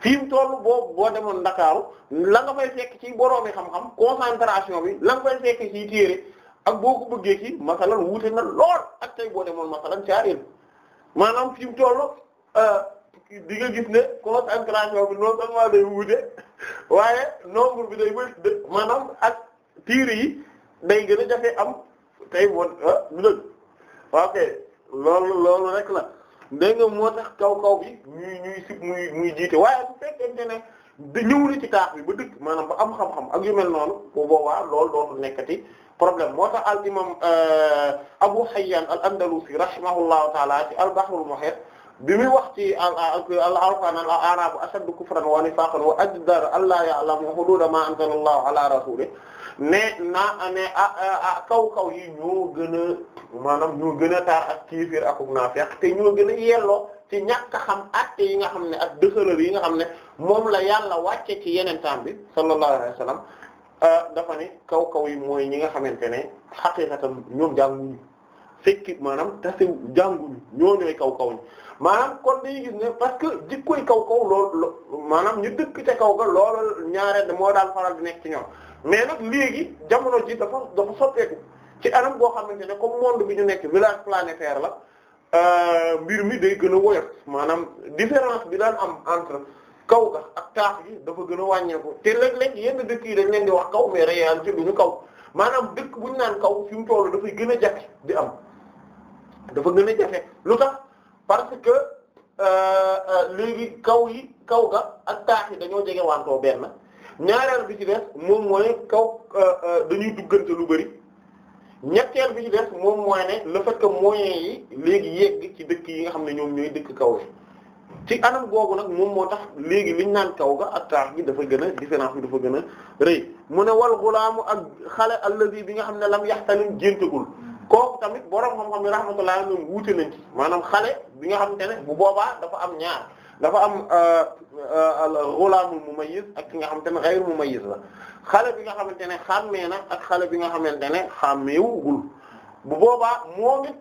Speaker 2: fi mu toll boo boo demoon Ndakaaru la nga fay fekk ci boroomi xam-xam concentration bi la nga fay fekk ci téere ak boo ko bëggee ci masalan wuute na lool ak tey boo demoon masalan caa maanaam fi mu toll. Euh, di nga gis ne concentration bi non seulement day wuute waaye nombre bi day bëri maanaam ak tiir yi day gën a jafe am tey woon ah, ok loolu loolu rek la dégg nga moo tax kaw kaw bi ñuy ñuy sib muy muy jiite waaye bu fekkente ne da ñëw na ci taax bi ba dëkk maanaam ba am xam-xam ak yu noonu bu boobaa loolu dootu nekkati problème moo tax al imam euh, Abu Hayyan al Andalusi rahimahullahu taala ci al Bahrul Muhit bi muy wax ci alxuraan al-a'raabu ashaddu kufran wa nifaaqan wa ajdaru an laa ya'lamu huduuda maa anzala Allahu alaa rasuulihi ne naa ne a kaw kaw yi ñoo gën a maanaam ñoo gën a taar ak kiifir ak naafiq te ñoo gën a yelloo ci ñàkk xam acte yi nga xam ne ak dëxalal yi nga xam ne moom la yàlla wàcce ci yeneen temps bi sallallahu alayhi wa dafa ne kaw kaw yi mooy ñi nga xamante ne xaqiiqatan ñoom jànguñu fekki maanaam tase jànguñu ñoo ñooy kaw kaw maanaam kon dañuy gis ne parce que jikkoy kaw kaw loolu maanaam ñu dëkk ca kaw ga loolu ñaareel moo daal faral di nekk ci ñoom mais nag léegi jamono ji dafa dafa soppeeku ci anam boo xamante ne comme monde bi ñu nekk village planétaire la euh, mbir mi day gën a woyof maanaam différence bi daal am entre kaw ga ak taax gi dafa gën a wàññeeku te léeg-léeg yenn dëkk yi dañ leen ngi wax kaw mais réalité du ñu kaw maanaam dëkk bu ñu naan kaw fi mu tollu dafay gën a jafe di am dafa parce que euh, euh, léegi kaw yi kaw ga ak taax yi dañoo jege wantoo benn ñaareel bi ci des moom mooy euh, duggante lu bari ñetteel bi ci des moom mooy ne le fait que moyens yi léegi yegg ci dëkk yi nga xam ne ñoom ñooy dëkk kaw yi ci anam googu nag moom moo tax léegi liñ naan kaw ga ak taax yi dafa gën a différence bi dafa gën a rëy mu ne wal xulaamu ak xale allazi bi nga xam ne lam yaxtalim jéntegul kooku tamit borom xam-xam yi rahmatullah ñoom wuute nañ ci maanaam xale bi nga xamante ne bu boobaa dafa am ñaar dafa am euh, euh, ghulaamul mumayyiz ak ki nga xamante ne ghayr mumayyiz la xale bi nga xamante ne xàmmee na ak xale bi nga xamante ne xàmmeewugul bu boobaa moom it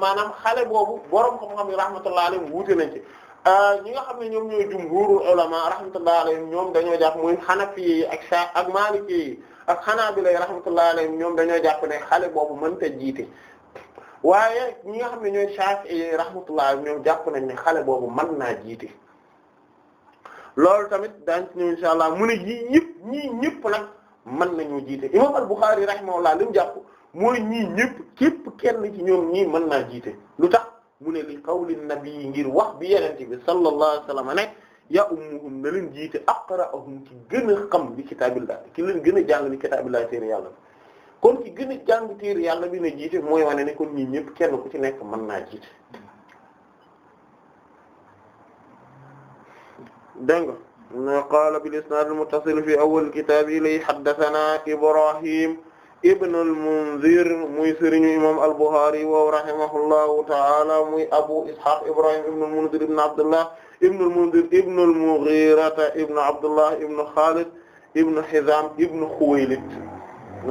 Speaker 2: maanaam xale boobu borom xam-xam yi rahmatullah alayhim wuute nañ ci euh, ñi nga xam ne ñoom ñooy jumhuurul ulama rahmatullah ñoom dañoo jàpp muy xanafi yi ak sa ak maaliki ak xanaa Hanaabila rahmatullahi alayhim ñoom dañoo jàpp ne xale boobu mënta jiite waaye ñi nga xam ne ñooy Shaafi'i rahmatullahi alayhim ñoom jàpp nañ ne xale boobu mën naa jiite loolu tamit daañ ci ñëw mu ne ñii ñëpp nag mën nañoo jiite imam al-Bukhari rahimahullah li mu jàpp ñii képp kenn ci ñoom ñii mën naa jiite lu tax mu ne li qawli nabi ngir wax bi yenente bi sallallahu alayhi ne ya ummuhum na leen jiite aqra'uhum ki gën a xam bi kitaabillah ki leen gën a jàng bi kitaabillah téere yàlla kon ki gën a jàng téere yàlla bi na jiite mooy wane ne kon ñi kenn ku ci nekk mën naa jiite dégg nga qaala bi isnaad al muttasil fi awwal kitaab ilay haddathanaa Ibrahim ibn al Munzir muy sëriñu imam al Bukhari wa rahimahullahu ta'ala muy Abu Ishaq Ibrahim ibn al Munzir ibn Abdullah ibn al-Mundhir ibn al-Mughira ibn Abdullah ibn Khalid ibn Hizam ibn Khuwaylid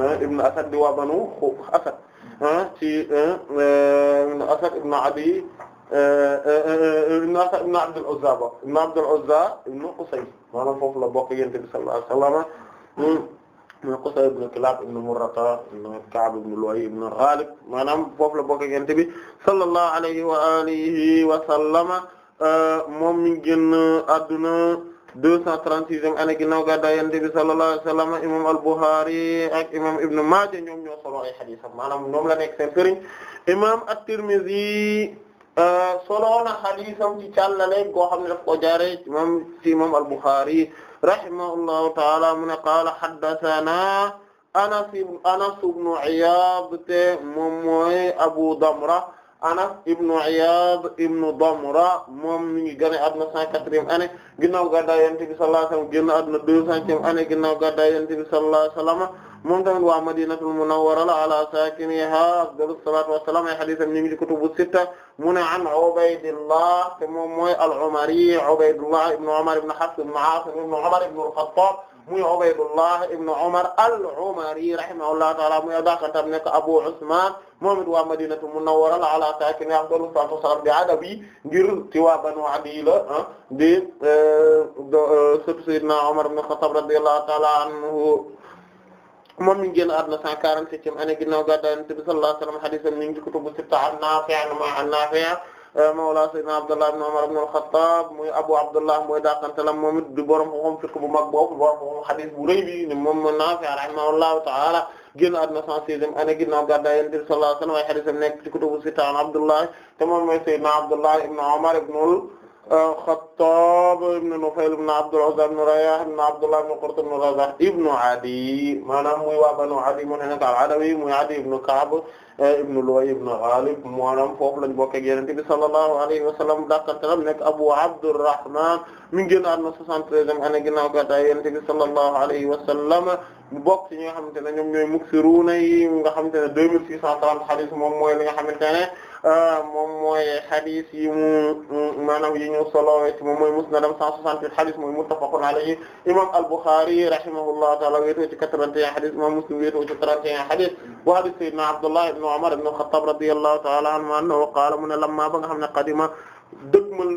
Speaker 2: ah, ibn Asad di waa Banu Asad ah, ci ah, eh, Asad ibn Adi eh, eh, ibn Asad ibn Abd al-Uzza ba ibn Abd al-Uzza ibn Qusay maanaam foofu la bokk yonent bi sallallahu alayhi wa sallam mu hmm. Qusay ibn Kilab ibn Murrata ibn Ka'b ibn Lu'ay ibn Ghalib maanaam foofu la bokk yonent bi sallallahu alayhi wa alihi wa sallama Euh, moom mi ngi génn adduna deux cent trente-sixième année ginnaaw gàddaay Yonent bi sallallahu alayhi wa sallam imam al ak imam Ibn Maaja ñoom solo ay xadiisam maanaam ñoom la nekk seen imam at euh, solo na xadiisam ci càllale goo xam ne daf ko jaare moom ci imam al-Bukhari rahimahullahu taala mu ne qaala haddathana Anas ibn Anas ibn Iyad te moom Abu Damra Anas ibnu Iyad ibnu Damra moom mi ngi gane àdduna cent quatrième année ginnaaw gàddaay Yonent bi sallallahu alayhi wasallam génn àdduna deux centième année ginnaaw gàddaay Yonent bi sallallahu alayhi wasallam moom tamit waa Madinatul Munawwara ala saakinihaa afdalu salaatu wassalaam ay hadiisam ñu ngi ci kutubu sitta mu ne an Ubaydillah te moom mooy al-Umari Ubaydullah ibnu Umar ibnu Hafs ibnu Aasim ibnu Umar ibnu al-Khattaab muy Ubaydullah ibn Umar al-Umari rahimahullahu ta'ala muy daakantam nekk Abu Usman moom it waa Madinatu Munawwara ala saakiniha afdalu salaatu wa salaam bi adabi ngir ci waa Banu Adiy la ah, di eh, eh, sëtu Sayyidina Umar ibn Khattab radiyallahu ta'ala anhu moom mi ngi génn àdduna 147 ane ginnaaw gàddaay Yonent bi sallallahu alayhi wa sallam hadiisam mi ngi ci kutubu sitta an Naafi' an Naafi' Euh, mawla sayyidina Abdullah ibn Umar ibn al-Khattab muy Abu Abdullah mooy daakantalam moom it di borom xam-xam fiqh bu mag boobu borom xam-xam hadith bu rëy bi moom mu Naafi rahimahullahu ta'ala génn àdduna 106e a ginnaaw gàddaay Yonent bi sallallahu alayhi wa sallam ay hadith am nekk ci kutubu sitta Abdullah te moom mooy sayyidina Abdullah ibn Umar ibn Xattaab ibn Nufayl ibn Abdul Uzza ibn Rayah ibn Abdullah ibn Qurt ibn Razah ibn Adi maanaam muy waa Banu Adi mu nekk al-Adawi muy Adi ibn Ka'b ibn Lu'ay ibn Ghalib maanaam foofu lañ bokk ak Yonent bi sallallahu alayhi wa sallam dàqanteelam nekk Abu Abdurrahman mi ngi génn àdduna 73e année ginnaaw gàddaay Yonent bi sallallahu alayhi wa sallam mu bokk ci ñi nga xamante ne ñoom ñooy muksiruuna yi nga xamante ne 2630 hadith moom mooy li nga xamante ne. Ah, moom mooy xadis yi mu maanaam yi ñu solo ci moom mooy musnadam 168 xadis mooy muttafaqun alayhi imam al-Bukhari rahimahullahu ta'ala wéetoo ci 81 xadis imam Muslim wéetoo ci 31 xadis wa xadis sayyidina Abdullah ibn Umar ibn al-Khattab radiyallahu ta'ala anhu annahu qaala mu ne lamma ba nga xam ne qadima dëgmal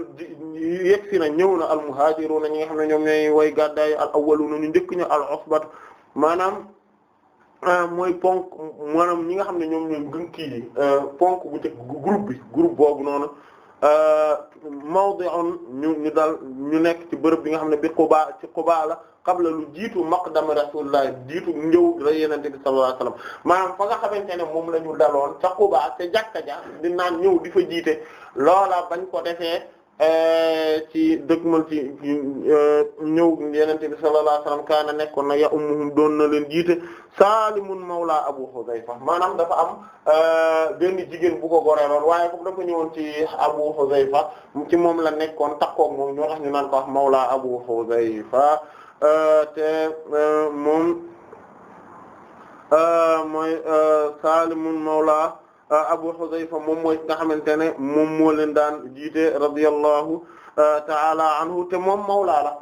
Speaker 2: yegsi na ñëw na al-muhajiruna ñi nga xam ne ñoom ñooy way gàddaay al awwaluna ñu njëkk ñu al-usbat maanaam Euh, mooy ponk maanaam ñi nga xam ne ñoom ñoom gën kii euh, ponk bu njëkk groupe bi group boobu noonu euh, mawdi'un ñu ñu dal ñu nekk ci bërëb bi nga xam ne bi Quba ci Quba la qabla lu jiitu maqdam rasulullah jiitu njëw la yenente bi sallallahu alayhi wasallam maanaam fa nga xamante ne moom la ñu daloon ca Quba ca jàkka ja di naan ñëw di fa jiite loola bañ ko defee Eh, ci dëkkmal ci eh, ñëw yenente bi sallallahu alayhi wasallam kaana nekkoon na ya ummuhum doon na leen jiite saalimun mawla abu huzayfa maanaam dafa am eh, benn jigéen bu ko goreeloon waaye comme dafa ñëwoon ci abu huzayfa ci moom la nekkoon takkoog moom ñoo ñu naan ko wax mawla abu huzayfa te moom mooy saalimun mawla Euh, Abu Hudhayfa moom mooy nga xamante ne moom moo leen daan jiite radiyallahu euh, ta'ala anhu te moom mawla la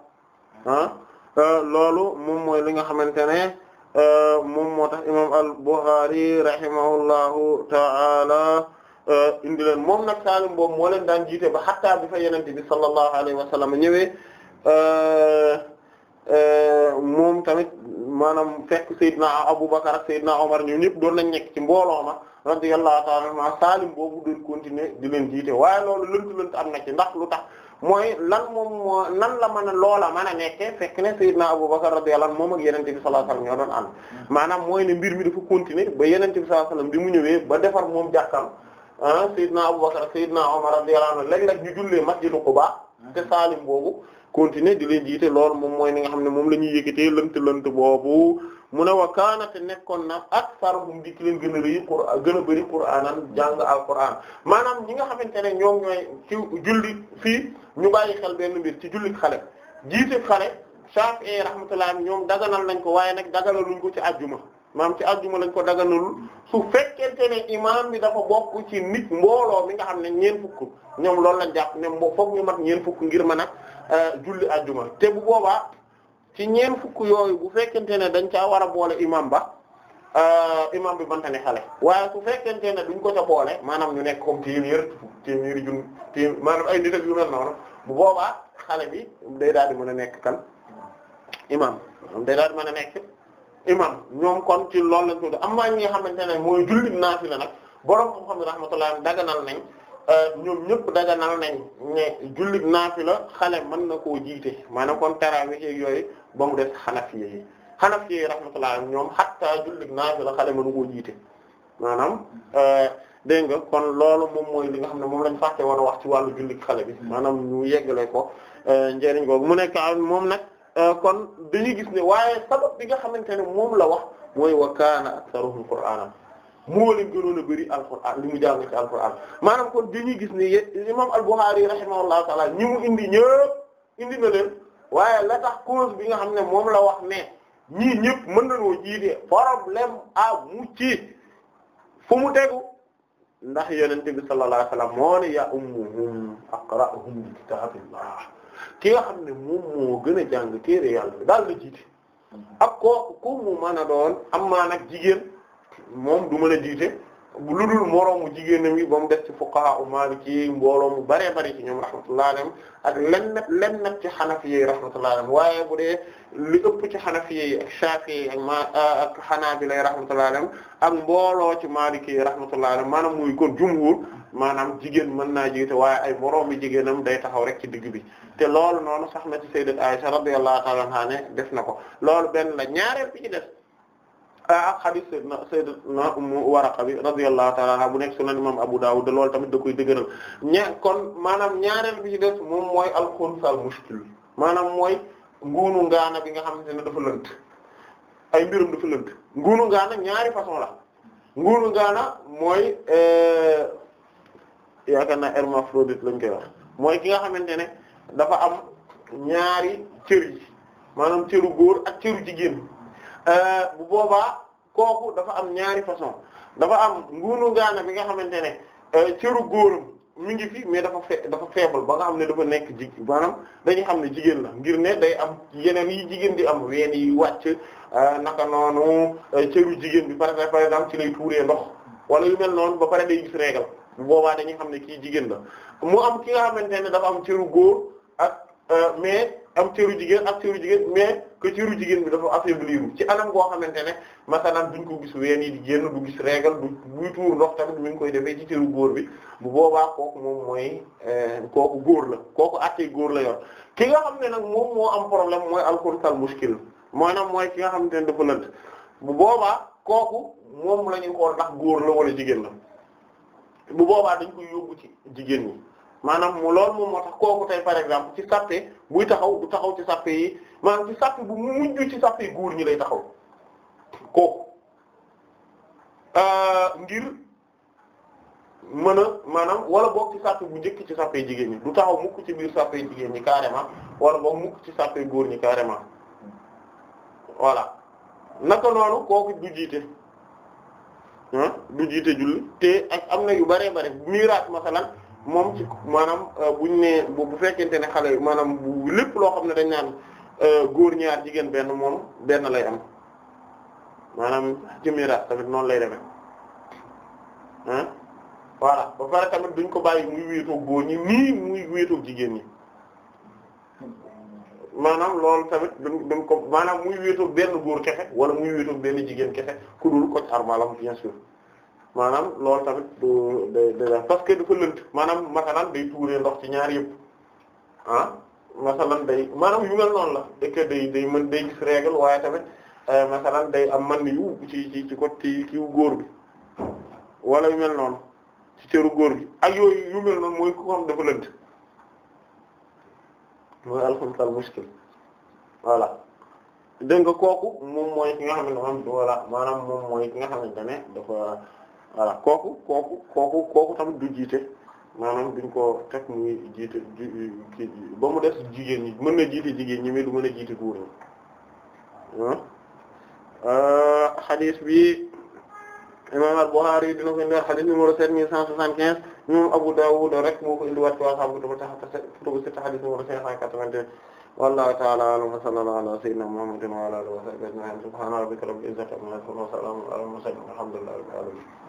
Speaker 2: ah euh, loolu moom mooy li nga xamante ne moom moo tax imam al-Bukhari rahimahullahu ta'ala indi leen moom nag Saalim boobu moo leen daan jiite ba xataa bi fa yenente bi sallallahu alayhi wa sallam ñëwee moom tamit maanaam fekk Seydina Abubakar ak Seydina Omar ñoom ñëpp doon nañ nekk ci mbooloo ma radiyallahu ta'ala anhu Saalim boobu doon continuer di leen jiite waaye loolu lënt lënt am na ci ndax lu tax mooy lan moom nan la mën a loola mën a nekkee fekk ne Seydina Abubakar radiyallahu anhu moom ak Yonent bi sallallahu alayhi wasallam ñoo doon ànd hmm. maanaam mooy mbir mi dafa continuer ba Yonent bi sallallahu alayhi wasallam mu ñëwee ba defar moom jàkkam ah Seydina Abubakar Seydina Umar radiyallahu anhu léeg-léeg ñu jullee masjidu Quba hmm. te Saalim boobu continuer di leen jiite loolu moom mooy ni nga xam moom la ñuy yëkkatee lënt lënt boobu mu ne wa kaana te nekkoon na aktharuhum di ki leen gën a rëy gën a bëri Qur'aanan jàng Alqur'aan maanaam ñi nga xamante ne ñoom ñooy ci julli fii ñu bàyyi xel benn mbir ci jullit xale jiite xale Shaafi'i rahmatullah ñoom daganal nañ ko waaye nag daganaluñ ko ci ajjuma maanaam ci ajjuma lañ ko daganalul su fekkente ne imaam bi dafa bokk ci nit mbooloo mi nga xam ne ñeen fukk ñoom loolu lañ jàpp ne foog ñu mat ñeen fukk ngir mën a euh, julli ajjuma te bu boobaa ci ñeent fukk yooyu bu fekkente ne dañ caa war a boole imam ba euh, imam bi banta ne xale waaye su fekkente ne duñ ko ca boole maanaam ñu nekk comme téeméer téeméeri jun té maanaam ay nit ak yu noonu bu boobaa xale bi day daal di mën a nekk kan imam day daal di mën a nekk imam ñoom kon ci loolu lañ tudd am na ñi nga xamante ne mooy jullit naafila nag borom xam-xam ne rahmatullah daganal nañ ñoom ñëpp daganal nañ ne jullit naafila xale mën na koo jiite maanaam kon tarawih yooyu ba mu des Hanafi yi Hanafi yi rahmatullah ñoom hatta jullit naafila xale mënu ko jiite maanaam euh, dégg nga kon loolu moom mooy li nga xam ne moom lañ fàtte woon a wax ci wàllu jullit xale bi maanaam ñu yeggale ko euh, njëriñ googu mu nekk euh, moom nag kon dañuy gis ne waaye sabab bi nga xamante ne moom la wax mooy wa kaana aktharuhum qur'aana moo leen gënoon a bëri alquran li mu jàng ci alquran maanaam kon dañuy gis ni imam al-Bukhari rahimahullahu taala ñi mu indi ñëpp indi na leen waaye la tax cause bi nga xam ne moom la wax ne ñii ñëpp mën nañoo jiite problème a mu ci fu mu tegu ndax yonent bi sallallahu alayhi wasallam moo ummuhum aqra'uhum li kitaabillah ki nga xam ne moom moo gën a jàng téere yàlla daal la jiit ak kooku ku mu mën a doon am maa nag jigéen moom du mën a jiite lu dul moroomu jigéenam yi ba mu def ci fuqaha u maliki mbooloo mu baree bari ci ñoom rahmatullahi alayhim ak lenn lenn nag ci xanafi yi rahmatullahi alayhim waaye bu dee li ëpp ci xanafi yi ak shafi yi ak ma ak xanaabila rahmatullahi alayhim ak mbooloo ci maliki yi rahmatullahi alayhim maanaam muy kon jumhur maanaam jigéen mën naa jiite waaye ay moroomi jigéenam day taxaw rek ci digg bi te loolu noonu sax na ci sayyidat Aisha def na ko loolu benn la ñaareel ak xadis sayyidina sayyidina Ummu a bi radiyallahu ta'ala anha bu nekk sunan imam Abu Dawud lool tamit da koy dëgëral ña kon maanaam ñaareel bi ci des moom mooy alxunsal mushkil maanaam mooy nguunu ngaana bi nga xam ne dafa lënt ay mbirum dafa lënt nguunu ngaana ñaari façon la nguunu ngaana mooy eh, yaakaar naa hermaphrodite lañ koy mooy ki nga xamante ne dafa am ñaari cër yi maanaam cëru góor ak cëru jigéen Euh, bu boobaa kooku dafa am ñaari façon dafa am nguunu ngaana bi nga xamante ne euh, cëru góoram mi ngi fi mais dafa fee dafa faible ba nga xam ne dafa nekk ji maanaam dañuy xam ne jigéen la ngir ne day am yeneen yi jigéen di am ween yi wàcc euh, naka noonu cëru jigéen bi par par exemple ci lay tuuree ndox wala yu mel noonu ba pare day gis régal bu boobaa dañuy xam ne kii jigéen la mu am ki nga xamante ne dafa am cëru góor ak mais am cëru jigéen ak cëru mais que cëru jigéen bi dafa affaiblir ci anam goo xamante ne masalan duñ koo gis ween yi di génn du gis régal du buy tuur ndox tamit mi ngi koy defee ci cëru góor bi bu boobaa kooku moom mooy eh, kooku góor la kooku àttee góor la yor ki nga xam ne nag moom am problème mooy alkoolkal muskil maanaam mooy ki nga xamante ne dafa lënt bu boobaa kooku moom la ñuy xool ndax góor la wala jigéen la bu boobaa dañ koy yóbbu ci jigéen ñi. maanaam mu loolu moom moo tax kooku tey par exemple ci sàppe buy taxaw du taxaw ci sàppe yi maanaam ci sàppe bu mujj ci sàppe góor ñi lay taxaw kooku euh, ngir mën a maanaam wala boog ci sàppe bu njëkk ci sàppe jigéen ñi du taxaw mukk ci biir sàppe jigéen ñi carrément wala boog mukk ci sàppe góor ñi carrément voilà naka noonu kooku du jiite ah du jiite julli te ak am na yu bare bare miraas masalan moom ci maanaam euh, buñ nee bu fekkente ne xale yi maanaam bu lépp loo xam ne dañ naan euh, góor ñaar jigéen benn moom benn lay am maanaam ci miraas tamit noonu lay demee ah voilà ba pare tamit duñ ko bàyyi muy wéetoog góor ñi nii muy wéetoog jigéen ñi maanaam loolu tamit duñ duñ ko maanaam muy wéetoog benn góor kexe wala muy wéetoog benn jigéen kexe ku dul ko armalam bien sûr maanaam lool tamit du day day parce que dafa lënt maanaam masalan day tuuree ndox ci ñaar yëpp ah masalan day maanaam yu mel noonu la et que day day mën day gis règle waaye tamit euh, masalan day am man yu ci ci ci côté kiwu góor bi wala yu mel noonu ci cëru góor bi ak yooyu yu mel noonu mooy ku xam dafa lënt mooy alxamtal muskil voilà dégg nga kooku moom mooy ki nga xamante ne voilà maanaam moom mooy ki nga xamante ne dafa voilà kooku kooku kooku kooku tamit du jiite maanaam duñ ko teg muy jiite ji ba mu def jigéen ñi mën na jiite jigéen ñi mais du mën a jiite góor ñi ah hadith bi imam al-Bukhari dina ko indiwaat hadith numéro 7175 imam Abu Dawud rek moo ko indiwaat ci waa Samb dama tax a te hadith numéro 581 wallahu ta'ala a'lam wa sallallahu ala sayyidina Muhammadin wa ala alihi wa sahbihi ajma'in subhana rabbika rabbil izzati amma yasifun wa salamun ala al-mursalin walhamdulillahi rabbil alamin